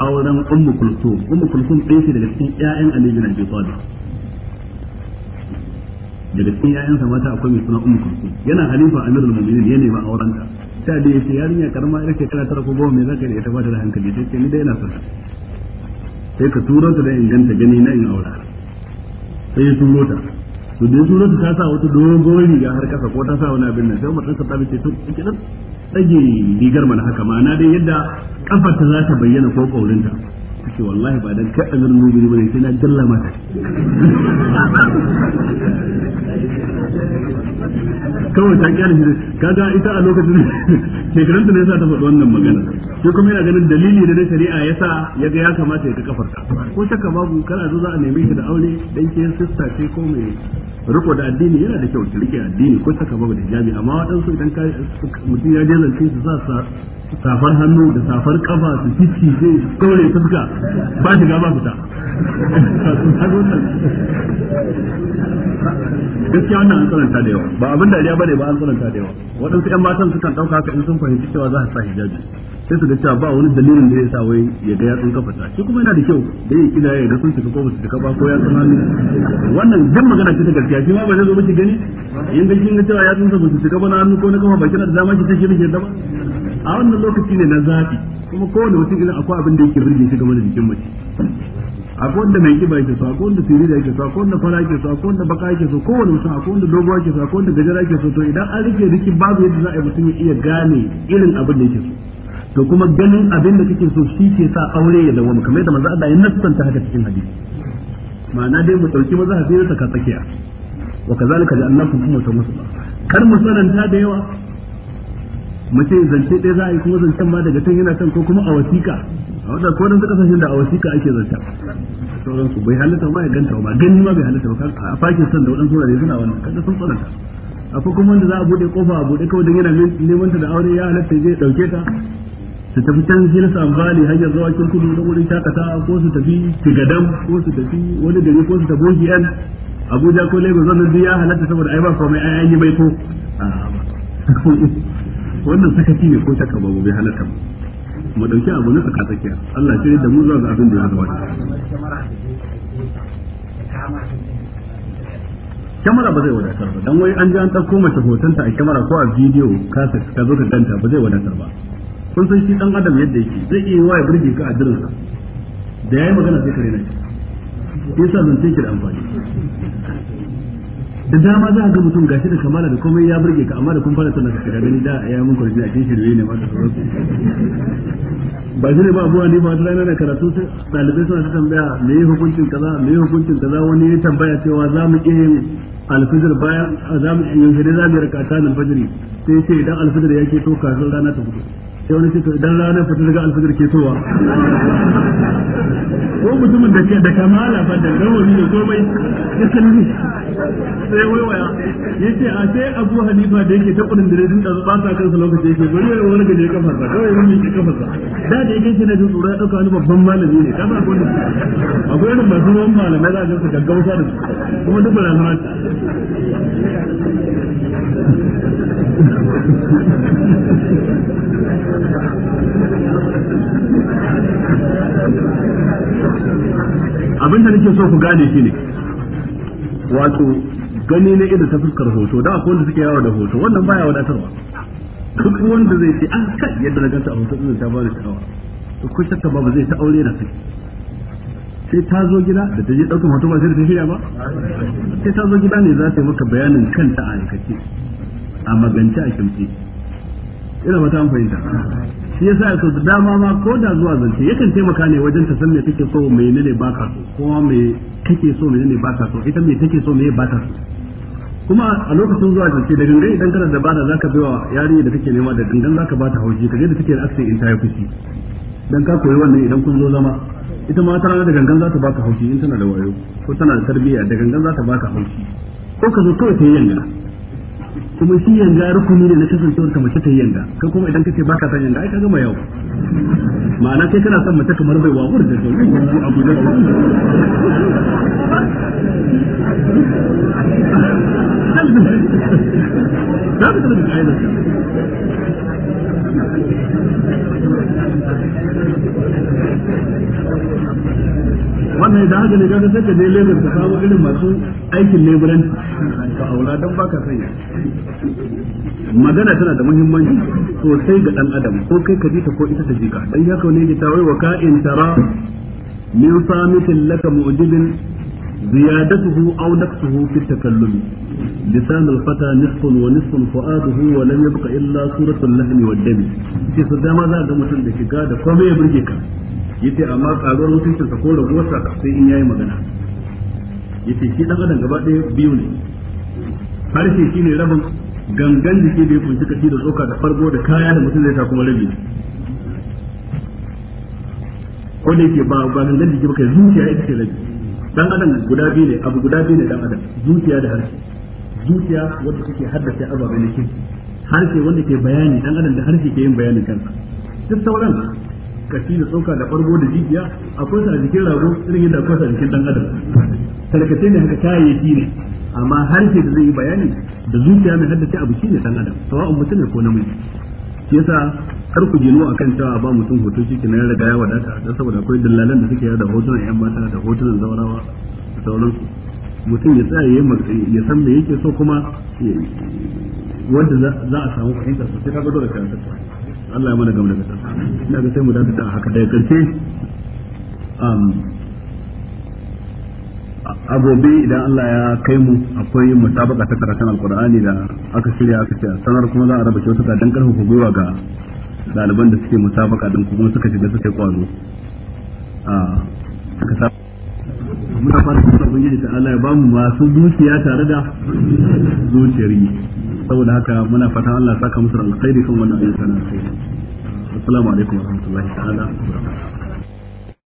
auren Ummu Kulsum Ummu Kulsum ɗaya ce daga cikin ƴaƴan Ali bin Abi Talib daga cikin ƴaƴansa mata akwai mai suna Ummu Kulsum yana halifa Amirul Mu'minin ya nemi auren ta ta da yarinya karama ita shekara tara ko goma me zaka ita ba da hankali sai ce ni dai ina son sai ka turo ta da inganta gani na in aura sai ya turo ta to da turo ta ta sa wata dogon riga har kasa ko ta sa wani abin nan sai mutum ka tabi ce to kidan tsage rigar mana haka ma'ana dai yadda kafarta za ta bayyana ko kaurinta suke wallahi ba dan kai azar nuguri bane sai na dalla mata kawai ta kyale shi kaga ita a lokacin shekarun da ne yasa ta faɗi wannan magana ko kuma yana ganin dalili ne na shari'a yasa ya ga ya kamata ya ga kafarta ko shakka babu kana zo za a neme shi da aure dan ke sista ce ko mai riko da addini yana da kyau ki rike addini ko saka babu da hijabi amma waɗansu idan ka mutum ya je zance su sa safar hannu da safar kafa su fiski sai kore fuska ba shiga ba fita gaskiya wannan an tsananta da yawa ba abin dariya bane ba an tsananta da yawa waɗansu 'yan matan sukan ɗauka haka in sun fahimci cewa za su sa hijabi sai su ga cewa ba wani dalilin da ya sa wai ya ga yatsun ta shi kuma yana da kyau da ya kida ya ga sun shiga ko ba su shiga ba ko ya tsama wannan duk magana ce ta gaskiya shi ma ba zai zo miki gani in ga kin ga cewa yatsun kafa ba su shiga ba na hannu ko na kafa ba kina da dama ki take miki da ba a wannan lokaci ne na zafi kuma kowane mutum idan akwai abin da yake burge shi game da jikin mace akwai wanda mai kiba yake so akwai wanda sirri da yake so akwai wanda fara yake so akwai wanda baka yake so kowane mutum akwai wanda dogo yake so akwai wanda gajara yake so to idan an rike riki babu yadda za a yi mutum ya iya gane irin abin da yake so to kuma ganin abin da kake so shi ke sa aure ya zama kamar yadda manzo Allah ya nassanta haka cikin hadisi ma'ana dai mu dauki maza hadisi ta tsakiya wa kazalika ja'alnakum ummatan wasata kar mu sananta da yawa mu ce zance ɗaya za a yi kuma zancen ma daga tun yana can ko kuma a wasiƙa a wadda ko dan kasashen da a wasiƙa ake zancen sauransu bai halitta ba ya ganta ba ganin ma bai halitta ba a san da waɗansu wurare suna wannan kada sun tsananta akwai kuma wanda za a buɗe kofa a buɗe kawai don yana neman ta da aure ya halatta zai dauke ta su tafi can hills and valley hanyar zuwa cikin kudu na wurin shakata ko su tafi tigadam ko su tafi wani gari ko su tafi yan abuja ko lagos wannan duk ya halatta saboda ai ba komai ai an yi mai ko wannan sakaci ne ko shakka babu bai halatta ba mu dauki abu na tsaka tsakiya Allah shi da mu zuwa ga abin da ya zama kyamara ba zai wadatar ba dan wai an ji an dauko mace hotonta a kyamara ko a bidiyo kasa ka zo ka ganta ba zai wadatar ba kun san shi dan adam yadda yake zai iya wa burge ka a dirinsa da yayi magana sai kare na shi yasa zan take da amfani da dama za a ga mutum gashi da kamala da komai ya burge ka amma da kun fara tana da da gani da ya mun kwarji a cikin shirye ne ba da sauransu ba shi ne ba abuwa ne ba wata rana da karatu sai ɗalibai suna ta tambaya me yi hukuncin kaza me yi hukuncin kaza wani ya tambaya cewa za mu iya yin alfijir bayan za mu iya yin shirye za mu yi rakata sai ce idan alfijir ya ke to kafin rana ta fito sai wani ce to idan ranar fita daga alfajir ke towa ko mutumin da ke da kamala ba da rawani da komai ya kalli sai waiwaya ya ce a sai abu hanifa da yake ta kudin da rinka ba sa su lokaci yake bari ya wani gaje kafarsa kawai mun miƙe kafarsa da da yake na jin tsoro ya ɗauka wani babban malami ne kasa ko akwai irin masu ruwan malamai za a gansa gaggauta da su kuma duk da alhamar Thank you. abin da nake so ku gane shi ne wato gani na idan ta fuskar hoto da akwai wanda suke yawo da hoto wannan baya wadatarwa duk wanda zai ce an ah, kai yadda na ganta a hoto din ta bani sha'awa to ko shakka ba zai ta aure da sai sai ta zo gida da ta je ɗaukar hoto ba sai ta shirya ba sai ta zo gida ne za ta yi maka bayanin kanta a aikace a magance a kimce ina ta an fahimta shi yasa to da dama ma ko da zuwa zance yakan taimaka ne wajen ta san me take so me ne ne baka so kuma me kake so me ne ne baka so ita me take so me ba ta so kuma a lokacin zuwa zance da gangan idan kana da bada zaka baiwa yarinya da take nema da gangan zaka bata haushi kaje da take da aksin in ta yi fushi dan ka koyi wannan idan kun zo zama ita ma tana da gangan zata baka haushi in tana da wayo ko tana da tarbiyya da gangan zata baka haushi ko ka zo kawai ta yi yanga kuma shi yanga rukuni ne na kasancewar ka mace ta yanga kai kuma idan kace baka san yanga ai ka gama yau ma'ana kai kana son mace kamar bai wawur da shi abu da wannan da haka ne kaga sai ka je lebar ka samu irin masu aikin leburan ka aura don baka sanya magana tana da muhimmanci sosai ga dan adam ko kai ka ji ta ko ita ta jika ka dan ya ko ne ta wai wa ka'in tara min samitin laka mu'jibin ziyadatuhu aw naqsuhu fi takallum lisan al fata nisfun wa nisfun الفتى wa lam yabqa illa suratul lahmi wad dami shi su dama za ga mutum da da komai ya burge ka yace amma karuwar mutuncin ka ko raguwarsa sai in yayi magana yace shi dan adam gaba daya biyu ne harshe shine rabin gangan jiki da ya kunshi kashi da tsoka da farko da kaya da mutum zai sa kuma rabi ko da yake ba ba gangan jiki ba kai zuciya ita ce rabi dan adam guda biyu ne abu guda biyu ne dan adam zuciya da harshe zuciya wanda take haddace ababen da kirki harshe wanda ke bayani dan adam da harshe ke yin bayanin kansa duk sauran kashi da tsoka da farko da jijiya akwai sa a jikin rago irin yadda akwai sa a jikin dan adam tarkace ne haka kayayyaki ne amma harshe da zai yi bayani da zuciya mai haddace abu shine dan adam sawa'un mutum ne ko namiji yasa kar ku jinu akan cewa a ba mutum hoto shi ke na riga ya wadata dan saboda akwai dillalan da suke da hotunan yan mata da hotunan zaurawa da sauransu mutum ya tsaya ya san me yake so kuma wanda za a samu fahimta sosai ka gado da karanta Allah ya mana gama daga ta ina ga sai mu dace a haka daga karshe um, a idan Allah ya kai mu akwai musabaka ta karatun alkur'ani da aka shirya aka ce sanar kuma za a raba kyautuka don karfafa gwiwa ga ɗaliban da suke musabaka din kuma suka shiga suka yi kwazo a ah, suka sa muna fara cikin ubangiji da Allah ya bamu masu dukiya tare da zuciyar yi saboda haka muna fatan Allah saka musu alkhairi kan wannan ayyukan na alkhairi assalamu alaikum warahmatullahi ta'ala wa barakatuh